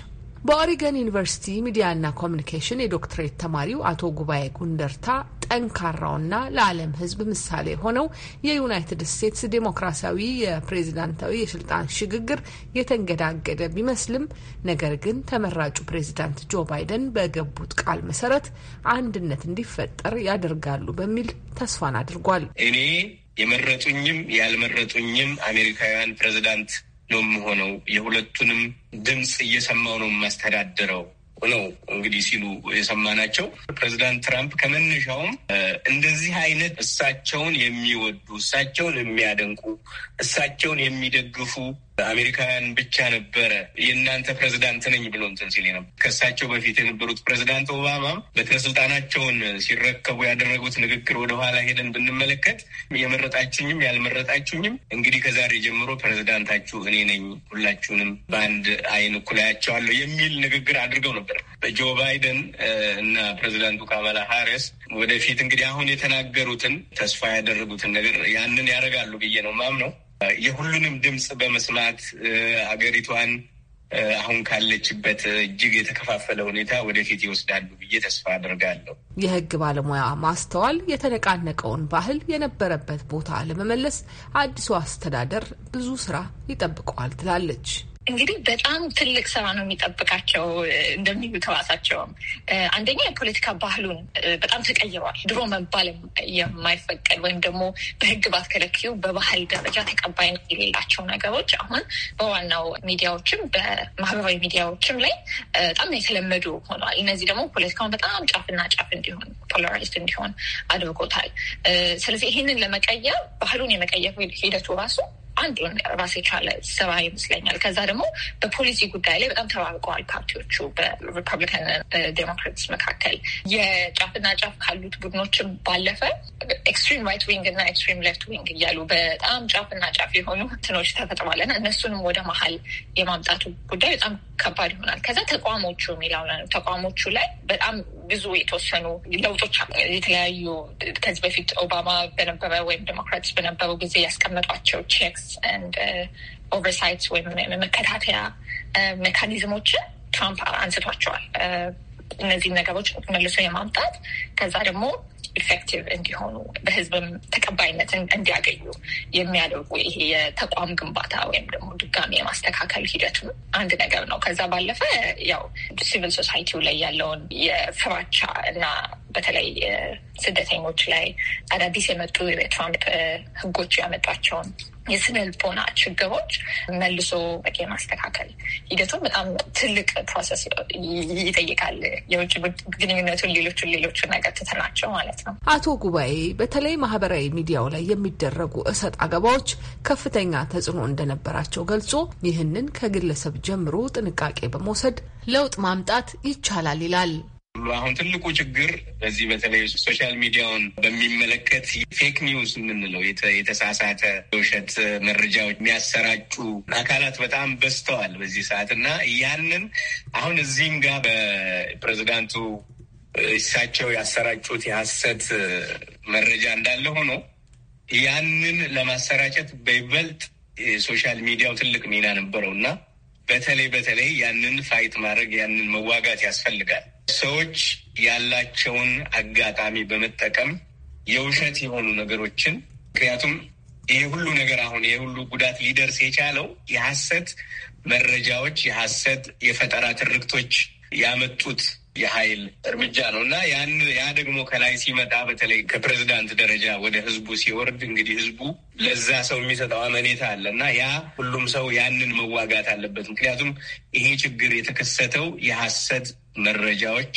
በኦሪገን ዩኒቨርሲቲ ሚዲያና ኮሚኒኬሽን የዶክትሬት ተማሪው አቶ ጉባኤ ጉንደርታ ጠንካራውና ለዓለም ሕዝብ ምሳሌ የሆነው የዩናይትድ ስቴትስ ዴሞክራሲያዊ የፕሬዝዳንታዊ የስልጣን ሽግግር የተንገዳገደ ቢመስልም ነገር ግን ተመራጩ ፕሬዝዳንት ጆ ባይደን በገቡት ቃል መሰረት አንድነት እንዲፈጠር ያደርጋሉ በሚል ተስፋን አድርጓል። እኔ የመረጡኝም ያልመረጡኝም አሜሪካውያን ፕሬዚዳንት ነው የምሆነው፣ የሁለቱንም ድምፅ እየሰማው ነው የማስተዳደረው ነው እንግዲህ ሲሉ የሰማናቸው ፕሬዚዳንት ትራምፕ ከመነሻውም እንደዚህ አይነት እሳቸውን የሚወዱ እሳቸውን የሚያደንቁ እሳቸውን የሚደግፉ አሜሪካውያን ብቻ ነበረ የእናንተ ፕሬዚዳንት ነኝ ብሎ እንትን ሲል ነው። ከእሳቸው በፊት የነበሩት ፕሬዚዳንት ኦባማ በትረስልጣናቸውን ሲረከቡ ያደረጉት ንግግር ወደኋላ ሄደን ብንመለከት የመረጣችሁኝም ያልመረጣችሁኝም እንግዲህ ከዛሬ ጀምሮ ፕሬዚዳንታችሁ እኔ ነኝ፣ ሁላችሁንም በአንድ አይን እኩል አያቸዋለሁ የሚል ንግግር አድርገው ነበር። በጆ ባይደን እና ፕሬዚዳንቱ ካማላ ሃሪስ ወደፊት እንግዲህ አሁን የተናገሩትን ተስፋ ያደረጉትን ነገር ያንን ያደርጋሉ ብዬ ነው ማምነው። የሁሉንም ድምፅ በመስማት ሀገሪቷን አሁን ካለችበት እጅግ የተከፋፈለ ሁኔታ ወደፊት ይወስዳሉ ብዬ ተስፋ አድርጋለሁ። የህግ ባለሙያ ማስተዋል የተነቃነቀውን ባህል የነበረበት ቦታ ለመመለስ አዲሱ አስተዳደር ብዙ ስራ ይጠብቀዋል ትላለች። እንግዲህ በጣም ትልቅ ስራ ነው የሚጠብቃቸው። እንደሚሉት ራሳቸውም አንደኛ የፖለቲካ ባህሉን በጣም ተቀይሯል። ድሮ መባል የማይፈቀድ ወይም ደግሞ በህግ ባትከለክዩ በባህል ደረጃ ተቀባይነት የሌላቸው ነገሮች አሁን በዋናው ሚዲያዎችም በማህበራዊ ሚዲያዎችም ላይ በጣም የተለመዱ ሆኗል። እነዚህ ደግሞ ፖለቲካውን በጣም ጫፍና ጫፍ እንዲሆን ፖላራይዝድ እንዲሆን አድርጎታል። ስለዚህ ይህንን ለመቀየር ባህሉን የመቀየር ሂደቱ ራሱ አንድ የሆነ ራስ የቻለ ስራ ይመስለኛል። ከዛ ደግሞ በፖሊሲ ጉዳይ ላይ በጣም ተባብቀዋል ፓርቲዎቹ በሪፐብሊካን ዴሞክራቲስ መካከል የጫፍና ጫፍ ካሉት ቡድኖችም ባለፈ ኤክስትሪም ራይት ዊንግ እና ኤክስትሪም ሌፍት ዊንግ እያሉ በጣም ጫፍና ጫፍ የሆኑ እንትኖች ተፈጥሯል እና እነሱንም ወደ መሀል የማምጣቱ ጉዳይ በጣም ከባድ ይሆናል። ከዛ ተቋሞቹ የሚለው ተቋሞቹ ላይ በጣም ብዙ የተወሰኑ ለውጦች የተለያዩ ከዚህ በፊት ኦባማ በነበረ ወይም ዴሞክራቲስ በነበረው ጊዜ ያስቀመጧቸው ቼክስ ኦቨርሳይት uh, ወይም uh, መከታተያ ሜካኒዝሞችን uh, ትራምፕ አንስቷቸዋል። እነዚህ ነገሮች መልሶ የማምጣት ከዛ ደግሞ ኢፌክቲቭ እንዲሆኑ በህዝብም ተቀባይነት እንዲያገኙ የሚያደርጉ ይሄ የተቋም ግንባታ ወይም ደግሞ ድጋሚ የማስተካከል ሂደቱ አንድ ነገር ነው። ከዛ ባለፈ ያው ሲቪል ሶሳይቲው ላይ ያለውን የፍራቻ እና በተለይ ስደተኞች ላይ አዳዲስ የመጡ የትራምፕ ህጎች ያመጧቸውን የስነ ልቦና ችግሮች መልሶ የማስተካከል ሂደቱን በጣም ትልቅ ፕሮሰስ ይጠይቃል። የውጭ ግንኙነቱን ሌሎቹን ሌሎቹን ነገር ትተናቸው ማለት ነው። አቶ ጉባኤ በተለይ ማህበራዊ ሚዲያው ላይ የሚደረጉ እሰጥ አገባዎች ከፍተኛ ተጽዕኖ እንደነበራቸው ገልጾ ይህንን ከግለሰብ ጀምሮ ጥንቃቄ በመውሰድ ለውጥ ማምጣት ይቻላል ይላል። አሁን ትልቁ ችግር በዚህ በተለይ ሶሻል ሚዲያውን በሚመለከት ፌክ ኒውስ የምንለው የተሳሳተ የውሸት መረጃዎች የሚያሰራጩ አካላት በጣም በዝተዋል በዚህ ሰዓት እና ያንን አሁን እዚህም ጋር በፕሬዚዳንቱ እሳቸው ያሰራጩት የሀሰት መረጃ እንዳለ ሆኖ ያንን ለማሰራጨት በይበልጥ የሶሻል ሚዲያው ትልቅ ሚና ነበረው እና በተለይ በተለይ ያንን ፋይት ማድረግ ያንን መዋጋት ያስፈልጋል። ሰዎች ያላቸውን አጋጣሚ በመጠቀም የውሸት የሆኑ ነገሮችን ምክንያቱም ይህ ሁሉ ነገር አሁን ይሄ ሁሉ ጉዳት ሊደርስ የቻለው የሐሰት መረጃዎች፣ የሐሰት የፈጠራ ትርክቶች ያመጡት የኃይል እርምጃ ነው እና ያን ያ ደግሞ ከላይ ሲመጣ በተለይ ከፕሬዚዳንት ደረጃ ወደ ህዝቡ ሲወርድ እንግዲህ ህዝቡ ለዛ ሰው የሚሰጠው አመኔታ አለ እና ያ ሁሉም ሰው ያንን መዋጋት አለበት። ምክንያቱም ይሄ ችግር የተከሰተው የሐሰት መረጃዎች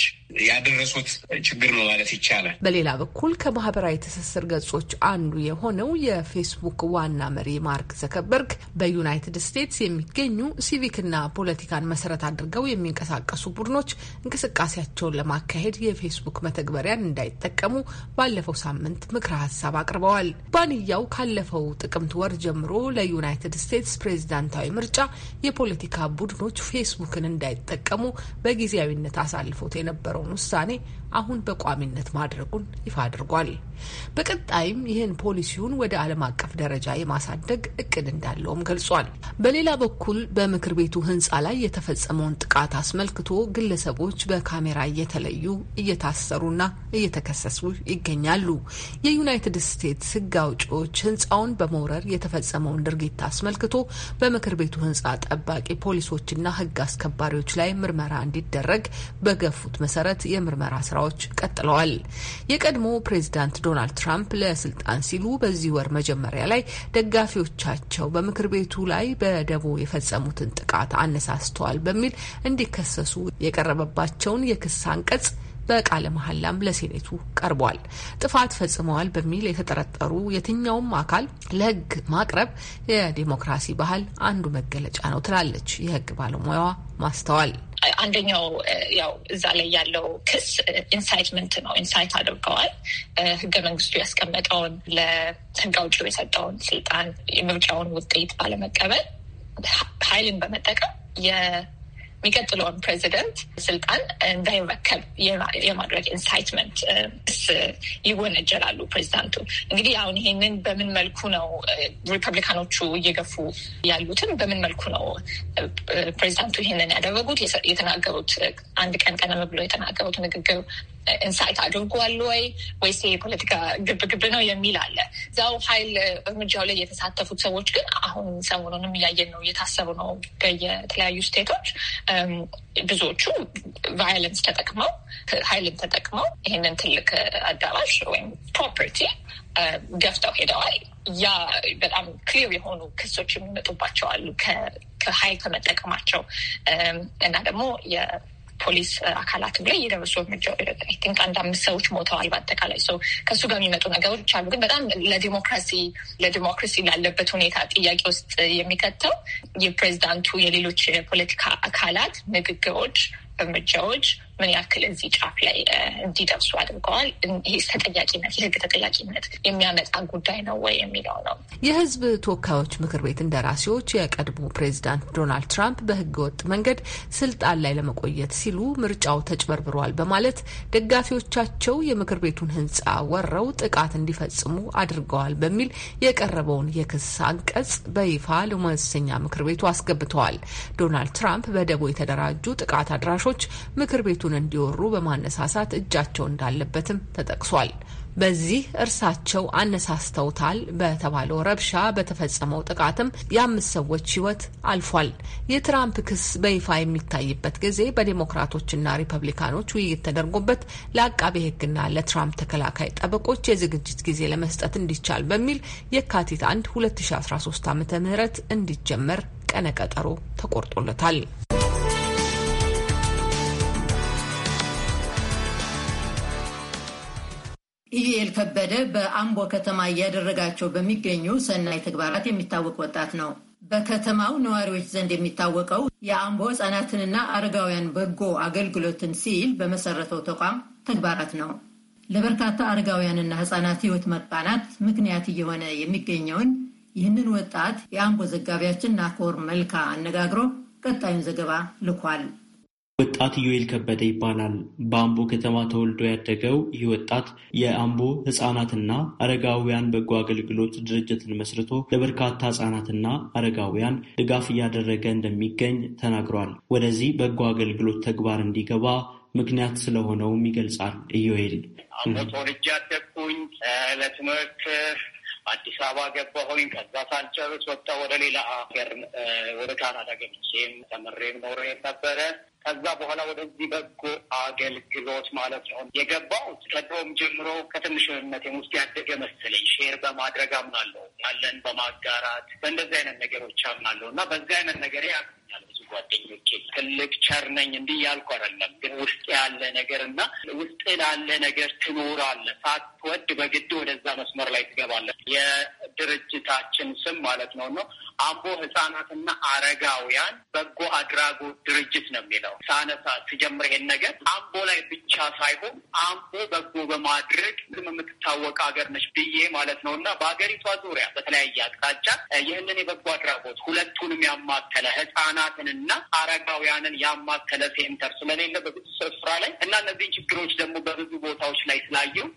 ያደረሱት ችግር ነው ማለት ይቻላል። በሌላ በኩል ከማህበራዊ ትስስር ገጾች አንዱ የሆነው የፌስቡክ ዋና መሪ ማርክ ዘከርበርግ በዩናይትድ ስቴትስ የሚገኙ ሲቪክና ፖለቲካን መሰረት አድርገው የሚንቀሳቀሱ ቡድኖች እንቅስቃሴያቸውን ለማካሄድ የፌስቡክ መተግበሪያን እንዳይጠቀሙ ባለፈው ሳምንት ምክረ ሀሳብ አቅርበዋል። ኩባንያው ካለፈው ጥቅምት ወር ጀምሮ ለዩናይትድ ስቴትስ ፕሬዚዳንታዊ ምርጫ የፖለቲካ ቡድኖች ፌስቡክን እንዳይጠቀሙ በጊዜያዊነት በዳኝነት አሳልፎት የነበረውን ውሳኔ አሁን በቋሚነት ማድረጉን ይፋ አድርጓል። በቀጣይም ይህን ፖሊሲውን ወደ ዓለም አቀፍ ደረጃ የማሳደግ እቅድ እንዳለውም ገልጿል። በሌላ በኩል በምክር ቤቱ ሕንፃ ላይ የተፈጸመውን ጥቃት አስመልክቶ ግለሰቦች በካሜራ እየተለዩ እየታሰሩና እየተከሰሱ ይገኛሉ። የዩናይትድ ስቴትስ ሕግ አውጪዎች ሕንፃውን በመውረር የተፈጸመውን ድርጊት አስመልክቶ በምክር ቤቱ ሕንፃ ጠባቂ ፖሊሶችና ሕግ አስከባሪዎች ላይ ምርመራ እንዲደረግ በገፉት መሰረት የምርመራ ስራ ስራዎች ቀጥለዋል። የቀድሞ ፕሬዚዳንት ዶናልድ ትራምፕ ለስልጣን ሲሉ በዚህ ወር መጀመሪያ ላይ ደጋፊዎቻቸው በምክር ቤቱ ላይ በደቦ የፈጸሙትን ጥቃት አነሳስተዋል በሚል እንዲከሰሱ የቀረበባቸውን የክስ አንቀጽ በቃለ መሐላም ለሴኔቱ ቀርቧል። ጥፋት ፈጽመዋል በሚል የተጠረጠሩ የትኛውም አካል ለሕግ ማቅረብ የዲሞክራሲ ባህል አንዱ መገለጫ ነው ትላለች የሕግ ባለሙያዋ ማስተዋል አንደኛው ያው እዛ ላይ ያለው ክስ ኢንሳይትመንት ነው። ኢንሳይት አድርገዋል። ህገ መንግስቱ ያስቀመጠውን ለህግ አውጪው የሰጠውን ስልጣን የምርጫውን ውጤት ባለመቀበል ኃይልን በመጠቀም የሚቀጥለውን ፕሬዚደንት ስልጣን እንዳይረከብ የማድረግ ኢንሳይትመንት ስ ይወነጀላሉ ፕሬዚዳንቱ። እንግዲህ አሁን ይሄንን በምን መልኩ ነው ሪፐብሊካኖቹ እየገፉ ያሉትን በምን መልኩ ነው ፕሬዚዳንቱ ይሄንን ያደረጉት? የተናገሩት አንድ ቀን ቀደም ብሎ የተናገሩት ንግግር ኢንሳይት አድርጓል ወይ ወይስ የፖለቲካ ግብግብ ነው የሚል አለ። እዛው ሀይል እርምጃው ላይ የተሳተፉት ሰዎች ግን አሁን ሰሞኑንም እያየን ነው፣ እየታሰሩ ነው በየተለያዩ ስቴቶች ብዙዎቹ ቫዮለንስ ተጠቅመው ኃይልን ተጠቅመው ይህንን ትልቅ አዳራሽ ወይም ፕሮፐርቲ ገፍተው ሄደዋል። ያ በጣም ክሊር የሆኑ ክሶች የሚመጡባቸው አሉ ከኃይል ከመጠቀማቸው እና ደግሞ ፖሊስ አካላትም ላይ የደረሱ እርምጃ ቲንክ አንድ አምስት ሰዎች ሞተዋል። በአጠቃላይ ሰው ከእሱ ጋር የሚመጡ ነገሮች አሉ። ግን በጣም ለዲሞክራሲ ለዲሞክራሲ ላለበት ሁኔታ ጥያቄ ውስጥ የሚከተው የፕሬዚዳንቱ የሌሎች የፖለቲካ አካላት ንግግሮች፣ እርምጃዎች ምን ያክል እዚህ ጫፍ ላይ እንዲደርሱ አድርገዋል። ይህ ተጠያቂነት የህግ ተጠያቂነት የሚያመጣ ጉዳይ ነው ወይ የሚለው ነው። የህዝብ ተወካዮች ምክር ቤት እንደራሴዎች የቀድሞ ፕሬዚዳንት ዶናልድ ትራምፕ በህገ ወጥ መንገድ ስልጣን ላይ ለመቆየት ሲሉ ምርጫው ተጭበርብሯል በማለት ደጋፊዎቻቸው የምክር ቤቱን ህንጻ ወረው ጥቃት እንዲፈጽሙ አድርገዋል በሚል የቀረበውን የክስ አንቀጽ በይፋ ለመወሰኛ ምክር ቤቱ አስገብተዋል። ዶናልድ ትራምፕ በደቦ የተደራጁ ጥቃት አድራሾች ምክር ቤቱ እጁን እንዲወሩ በማነሳሳት እጃቸው እንዳለበትም ተጠቅሷል። በዚህ እርሳቸው አነሳስተውታል በተባለው ረብሻ በተፈጸመው ጥቃትም የአምስት ሰዎች ህይወት አልፏል። የትራምፕ ክስ በይፋ የሚታይበት ጊዜ በዴሞክራቶችና ሪፐብሊካኖች ውይይት ተደርጎበት ለአቃቤ ህግና ለትራምፕ ተከላካይ ጠበቆች የዝግጅት ጊዜ ለመስጠት እንዲቻል በሚል የካቲት 1 2013 ዓ ም እንዲጀመር ቀነቀጠሮ ተቆርጦለታል። ኢዩኤል ከበደ በአምቦ ከተማ እያደረጋቸው በሚገኙ ሰናይ ተግባራት የሚታወቅ ወጣት ነው። በከተማው ነዋሪዎች ዘንድ የሚታወቀው የአምቦ ህጻናትንና አረጋውያን በጎ አገልግሎትን ሲል በመሰረተው ተቋም ተግባራት ነው። ለበርካታ አረጋውያንና ህጻናት ህይወት መቃናት ምክንያት እየሆነ የሚገኘውን ይህንን ወጣት የአምቦ ዘጋቢያችን ናኮር መልካ አነጋግሮ ቀጣዩን ዘገባ ልኳል። ወጣት ዩኤል ከበደ ይባላል። በአምቦ ከተማ ተወልዶ ያደገው ይህ ወጣት የአምቦ ህፃናትና አረጋውያን በጎ አገልግሎት ድርጅትን መስርቶ ለበርካታ ህፃናትና አረጋውያን ድጋፍ እያደረገ እንደሚገኝ ተናግሯል። ወደዚህ በጎ አገልግሎት ተግባር እንዲገባ ምክንያት ስለሆነውም ይገልጻል። ኢዮኤል አምቦ ተወልጄ አደግኩኝ። ለትምህርት አዲስ አበባ ገባሁኝ። ከዛ ሳልጨርስ ወጣ ወደ ሌላ አገር ወደ ካናዳ ገብቼም ተምሬም ኖሬም ነበረ ከዛ በኋላ ወደዚህ በጎ አገልግሎት ማለት ነው የገባው። ከድሮም ጀምሮ ከትንሽነቴም ውስጥ ያደገ መሰለኝ። ሼር በማድረግ አምናለሁ፣ ያለን በማጋራት በእንደዚህ አይነት ነገሮች አምናለሁ እና በዚህ አይነት ነገር ያገኛል ብዙ ጓደኞቼ። ትልቅ ቸር ነኝ እንዲህ ያልኩ አይደለም፣ ግን ውስጥ ያለ ነገር እና ውስጥ ላለ ነገር ትኖራለህ። ሳትወድ በግድ ወደዛ መስመር ላይ ትገባለ። የድርጅታችን ስም ማለት ነው ነው አምቦ ህጻናትና አረጋውያን በጎ አድራጎት ድርጅት ነው የሚለው ሳነሳ ሲጀምር ይሄን ነገር አምቦ ላይ ብቻ ሳይሆን አምቦ በጎ በማድረግ የምትታወቅ ሀገር ነች ብዬ ማለት ነው እና በሀገሪቷ ዙሪያ በተለያየ አቅጣጫ ይህንን የበጎ አድራጎት ሁለቱንም ያማከለ ህጻናትንና አረጋውያንን ያማከለ ሴንተር ስለሌለ በብዙ ስፍራ ላይ እና እነዚህን ችግሮች ደግሞ በብዙ ቦታዎች ላይ ስላየው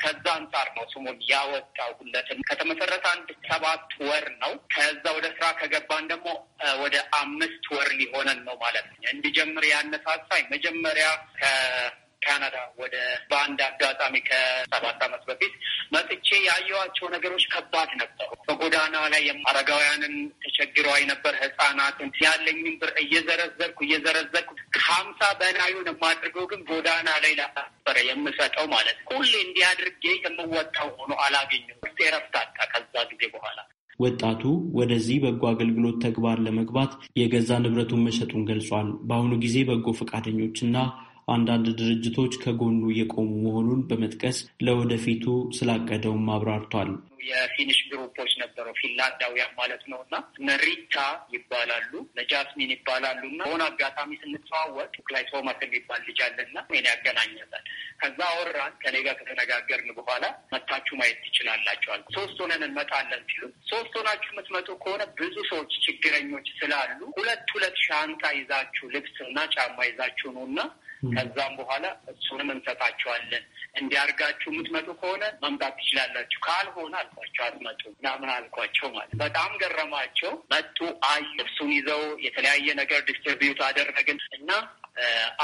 ከዛ አንጻር ነው ስሙን ያወጣው። ሁለትም ከተመሰረተ አንድ ሰባት ወር ነው። ከዛ ወደ ስራ ከገባን ደግሞ ወደ አምስት ወር ሊሆነን ነው ማለት ነው። እንዲጀምር ያነሳሳኝ መጀመሪያ ካናዳ ወደ በአንድ አጋጣሚ ከሰባት ዓመት በፊት መጥቼ ያየኋቸው ነገሮች ከባድ ነበሩ። በጎዳና ላይ አረጋውያንን ተቸግሮ ነበር፣ ህጻናትን ያለኝን ብር እየዘረዘርኩ እየዘረዘርኩ ከሀምሳ በላዩን የማድርገው ግን ጎዳና ላይ ነበረ የምሰጠው ማለት ነው። ሁሌ እንዲያድርጌ የምወጣው ሆኖ አላገኘም። ውስጤ አጣ። ከዛ ጊዜ በኋላ ወጣቱ ወደዚህ በጎ አገልግሎት ተግባር ለመግባት የገዛ ንብረቱን መሸጡን ገልጿል። በአሁኑ ጊዜ በጎ ፈቃደኞችና አንዳንድ ድርጅቶች ከጎኑ የቆሙ መሆኑን በመጥቀስ ለወደፊቱ ስላቀደውም አብራርቷል። የፊኒሽ ግሩፖች ነበረው ፊንላንዳውያን ማለት ነው እና ነሪታ ይባላሉ፣ ነጃስሚን ይባላሉ እና በሆነ አጋጣሚ ስንተዋወቅ ክላይ ቶማስ የሚባል ልጅ አለና ኔ ያገናኘታል። ከዛ አወራን። ከኔ ጋር ከተነጋገርን በኋላ መታችሁ ማየት ትችላላቸዋል። ሶስት ሆነን እንመጣለን ሲሉ ሶስት ሆናችሁ የምትመጡ ከሆነ ብዙ ሰዎች ችግረኞች ስላሉ ሁለት ሁለት ሻንጣ ይዛችሁ ልብስና ጫማ ይዛችሁ ነው እና ከዛም በኋላ እሱንም እንሰጣችኋለን። እንዲያርጋችሁ የምትመጡ ከሆነ መምጣት ትችላላችሁ፣ ካልሆነ አልኳቸው አትመጡ ምናምን አልኳቸው ማለት በጣም ገረማቸው። መጡ። አይ ልብሱን ይዘው የተለያየ ነገር ዲስትሪቢዩት አደረግን እና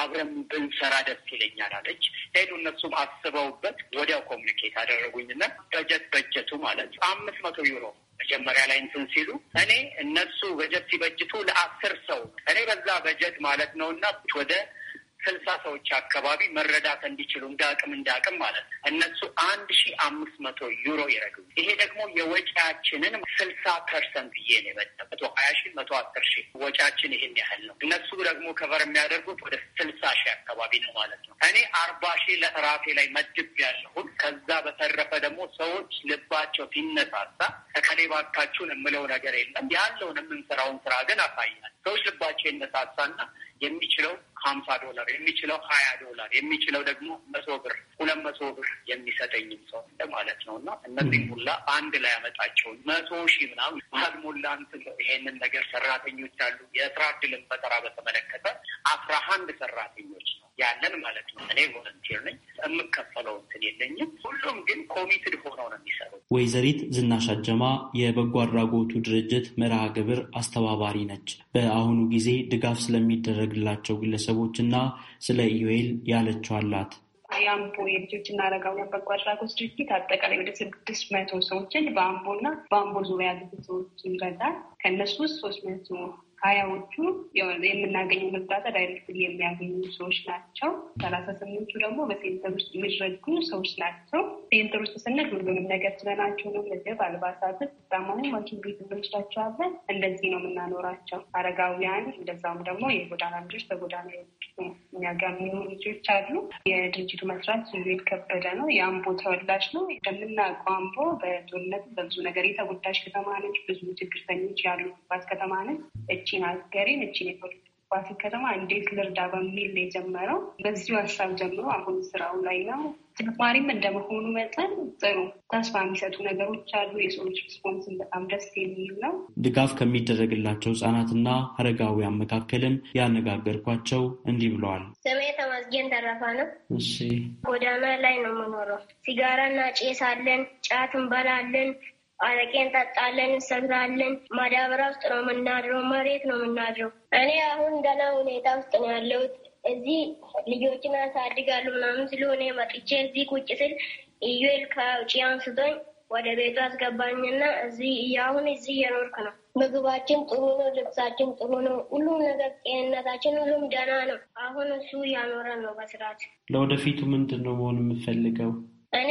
አብረን ብንሰራ ደስ ይለኛል አለች። ሄዱ እነሱም አስበውበት ወዲያው ኮሚኒኬት አደረጉኝና በጀት በጀቱ ማለት አምስት መቶ ዩሮ መጀመሪያ ላይ እንትን ሲሉ እኔ እነሱ በጀት ሲበጅቱ ለአስር ሰው እኔ በዛ በጀት ማለት ነው እና ወደ ስልሳ ሰዎች አካባቢ መረዳት እንዲችሉ እንደ አቅም እንደ አቅም ማለት ነው። እነሱ አንድ ሺ አምስት መቶ ዩሮ ይረዱ። ይሄ ደግሞ የወጪያችንን ስልሳ ፐርሰንት ብዬ ነው የመጣው። መቶ ሀያ ሺ መቶ አስር ሺ ወጪያችን ይህን ያህል ነው። እነሱ ደግሞ ከበር የሚያደርጉት ወደ ስልሳ ሺ አካባቢ ነው ማለት ነው። እኔ አርባ ሺ ለእራሴ ላይ መድብ ያለሁት ከዛ በተረፈ ደግሞ ሰዎች ልባቸው ሲነሳሳ ከከሌ ባካችሁን የምለው ነገር የለም ያለውን የምንሰራውን ስራ ግን አሳያል። ሰዎች ልባቸው ይነሳሳና የሚችለው ሀምሳ ዶላር የሚችለው ሀያ ዶላር የሚችለው ደግሞ መቶ ብር ሁለት መቶ ብር የሚሰጠኝም ሰው ማለት ነው። እና እነዚህ ሙላ አንድ ላይ ያመጣቸውን መቶ ሺህ ምናምን ባልሞላ እንትን ይሄንን ነገር ሰራተኞች አሉ። የስራ እድልን ፈጠራ በተመለከተ አስራ አንድ ሰራተኞች ነው ያለን ማለት ነው። እኔ ቮለንቲር ነኝ። የምከፈለው እንትን የለኝም። ሁሉም ግን ኮሚትድ ሆነው ነው የሚሰሩት። ወይዘሪት ዝናሽ አጀማ የበጎ አድራጎቱ ድርጅት መርሃ ግብር አስተባባሪ ነች። በአሁኑ ጊዜ ድጋፍ ስለሚደረግላቸው ግለሰብ ቤተሰቦችና ስለ ኢዩኤል ያለችው አላት። የአምቦ የልጆች እና አረጋውያን በጎ አድራጎት ድርጅት አጠቃላይ ወደ ስድስት መቶ ሰዎችን በአምቦና በአምቦ ዙሪያ ያሉ ሰዎች ይረዳል። ከእነሱ ውስጥ ሶስት መቶ ሀያዎቹ የምናገኘው እርዳታ ዳይሬክት የሚያገኙ ሰዎች ናቸው። ሰላሳ ስምንቱ ደግሞ በሴንተር ውስጥ የሚረዱ ሰዎች ናቸው። ሴንተር ውስጥ ስንል ሁሉንም ነገር ስለናቸው ነው። ምግብ፣ አልባሳትን ዛማሆን ማኪን ቤት እንወስዳቸዋለን። እንደዚህ ነው የምናኖራቸው። አረጋውያን እንደዛውም ደግሞ የጎዳና ልጆች በጎዳና የሚያጋ የሚኖሩ ልጆች አሉ። የድርጅቱ መስራት ዙቤል ከበደ ነው። የአምቦ ተወላጅ ነው። እንደምናውቀው አምቦ በጦርነት በብዙ ነገር የተጎዳች ከተማ ነች። ብዙ ችግርተኞች ያሉባት ከተማ ነች። እቺን ሀገሬን እቺን የፖለቲኩባትን ከተማ እንዴት ልርዳ በሚል ነው የጀመረው። በዚሁ ሀሳብ ጀምሮ አሁን ስራው ላይ ነው። ተማሪም እንደመሆኑ መጠን ጥሩ ተስፋ የሚሰጡ ነገሮች አሉ። የሰዎች ሪስፖንስን በጣም ደስ የሚል ነው። ድጋፍ ከሚደረግላቸው ህጻናትና አረጋውያን መካከልም ያነጋገርኳቸው እንዲህ ብለዋል። ስሜ ተመስገን ተረፋ ነው። እሺ፣ ጎዳና ላይ ነው የምኖረው። ሲጋራና ጭስ አለን፣ ጫት እንበላለን፣ አረቄ እንጠጣለን፣ እንሰክራለን። ማዳበሪያ ውስጥ ነው የምናድረው፣ መሬት ነው የምናድረው። እኔ አሁን ደህና ሁኔታ ውስጥ ነው ያለሁት። እዚህ ልጆችን አሳድጋለሁ ምናምን ስለሆነ መጥቼ እዚህ ቁጭ ስል ኢዩኤል ከውጭ አንስቶኝ ወደ ቤቱ አስገባኝና እዚህ አሁን እዚህ እየኖርክ ነው። ምግባችን ጥሩ ነው፣ ልብሳችን ጥሩ ነው፣ ሁሉም ነገር ጤንነታችን፣ ሁሉም ደህና ነው። አሁን እሱ እያኖረን ነው በስርዓት። ለወደፊቱ ምንድን ነው መሆን የምፈልገው? እኔ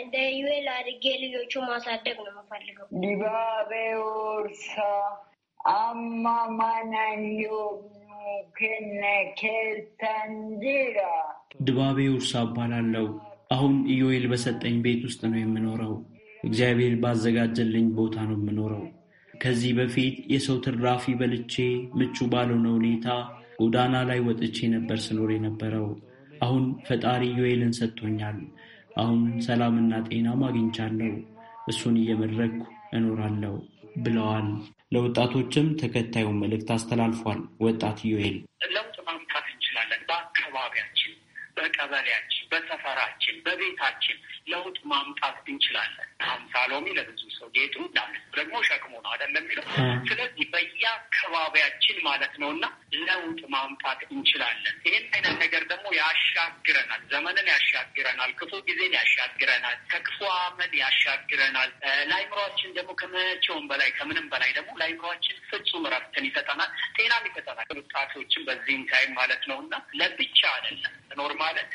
እንደ ዩኤል አድጌ ልጆቹ ማሳደግ ነው የምፈልገው። ዲባቤ ውርሳ አማማናዮ ከነ ድባቤ ውርሳ እባላለሁ። አሁን ኢዮኤል በሰጠኝ ቤት ውስጥ ነው የምኖረው። እግዚአብሔር ባዘጋጀልኝ ቦታ ነው የምኖረው። ከዚህ በፊት የሰው ትራፊ በልቼ ምቹ ባልሆነ ሁኔታ ጎዳና ላይ ወጥቼ ነበር ስኖር የነበረው። አሁን ፈጣሪ ኢዮኤልን ሰጥቶኛል። አሁን ሰላምና ጤናም አግኝቻለሁ፣ እሱን እየመድረኩ እኖራለሁ ብለዋል። ለወጣቶችም ተከታዩን መልእክት አስተላልፏል። ወጣት ዮኤል ለውጥ ማምጣት እንችላለን። በአካባቢያችን፣ በቀበሌያችን በግላችን በቤታችን ለውጥ ማምጣት እንችላለን። አምሳ ሎሚ ለብዙ ሰው ጌጡ ደግሞ ሸክሙ ነው አይደለም የሚለው። ስለዚህ በየአካባቢያችን ማለት ነው እና ለውጥ ማምጣት እንችላለን። ይህን አይነት ነገር ደግሞ ያሻግረናል፣ ዘመንን ያሻግረናል፣ ክፉ ጊዜን ያሻግረናል፣ ከክፉ አመድ ያሻግረናል። ለአይምሯችን ደግሞ ከመቼውም በላይ ከምንም በላይ ደግሞ ለአይምሯችን ፍጹም ረፍትን ይሰጠናል፣ ጤናም ይሰጠናል። ወጣቶችን በዚህም ታይም ማለት ነው እና ለብቻ አይደለም ኖር ማለት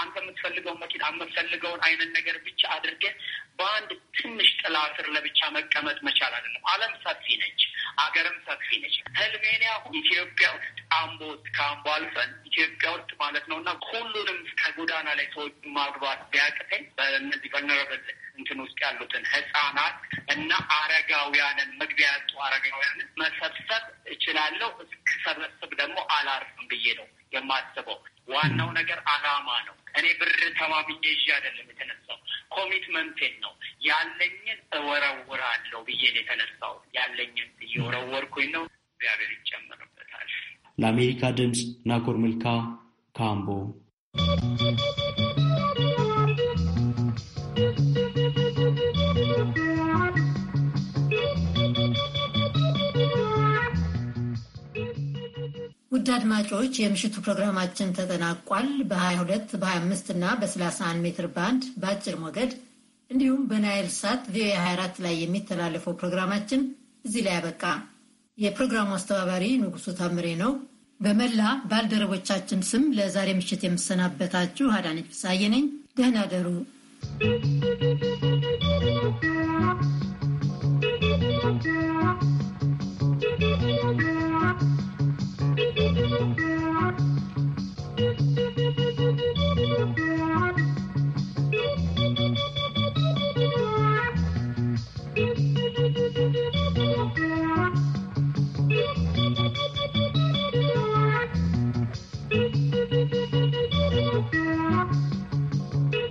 አንተ የምትፈልገውን መኪና የምትፈልገውን አይነት ነገር ብቻ አድርገህ በአንድ ትንሽ ጥላ ስር ለብቻ መቀመጥ መቻል አይደለም። ዓለም ሰፊ ነች፣ አገርም ሰፊ ነች። ህልሜን ያው ኢትዮጵያ ውስጥ አምቦ ከአምቦ አልፈን ኢትዮጵያ ውስጥ ማለት ነው እና ሁሉንም ከጎዳና ላይ ሰዎች ማግባት ቢያቅተኝ በእነዚህ በነረበት እንትን ውስጥ ያሉትን ህጻናት እና አረጋውያንን መግቢያ ያጡ አረጋውያንን መሰብሰብ እችላለሁ። እስክሰበስብ ደግሞ አላርፍም ብዬ ነው የማስበው። ዋናው ነገር አላማ ነው። እኔ ብር ተማምኜ ይዤ አይደለም የተነሳው፣ ኮሚትመንቴን ነው ያለኝን እወረውራለሁ ብዬ ነው የተነሳው። ያለኝን እየወረወርኩኝ ነው። እግዚአብሔር ይጨምርበታል። ለአሜሪካ ድምፅ ናኮር ምልካ ካምቦ ውድ አድማጮች የምሽቱ ፕሮግራማችን ተጠናቋል። በ22 በ25 እና በ31 ሜትር ባንድ በአጭር ሞገድ እንዲሁም በናይል ሳት ቪኦኤ 24 ላይ የሚተላለፈው ፕሮግራማችን እዚህ ላይ ያበቃ። የፕሮግራሙ አስተባባሪ ንጉሱ ታምሬ ነው። በመላ ባልደረቦቻችን ስም ለዛሬ ምሽት የምሰናበታችሁ አዳነች ፍሳዬ ነኝ። ደህና ደሩ።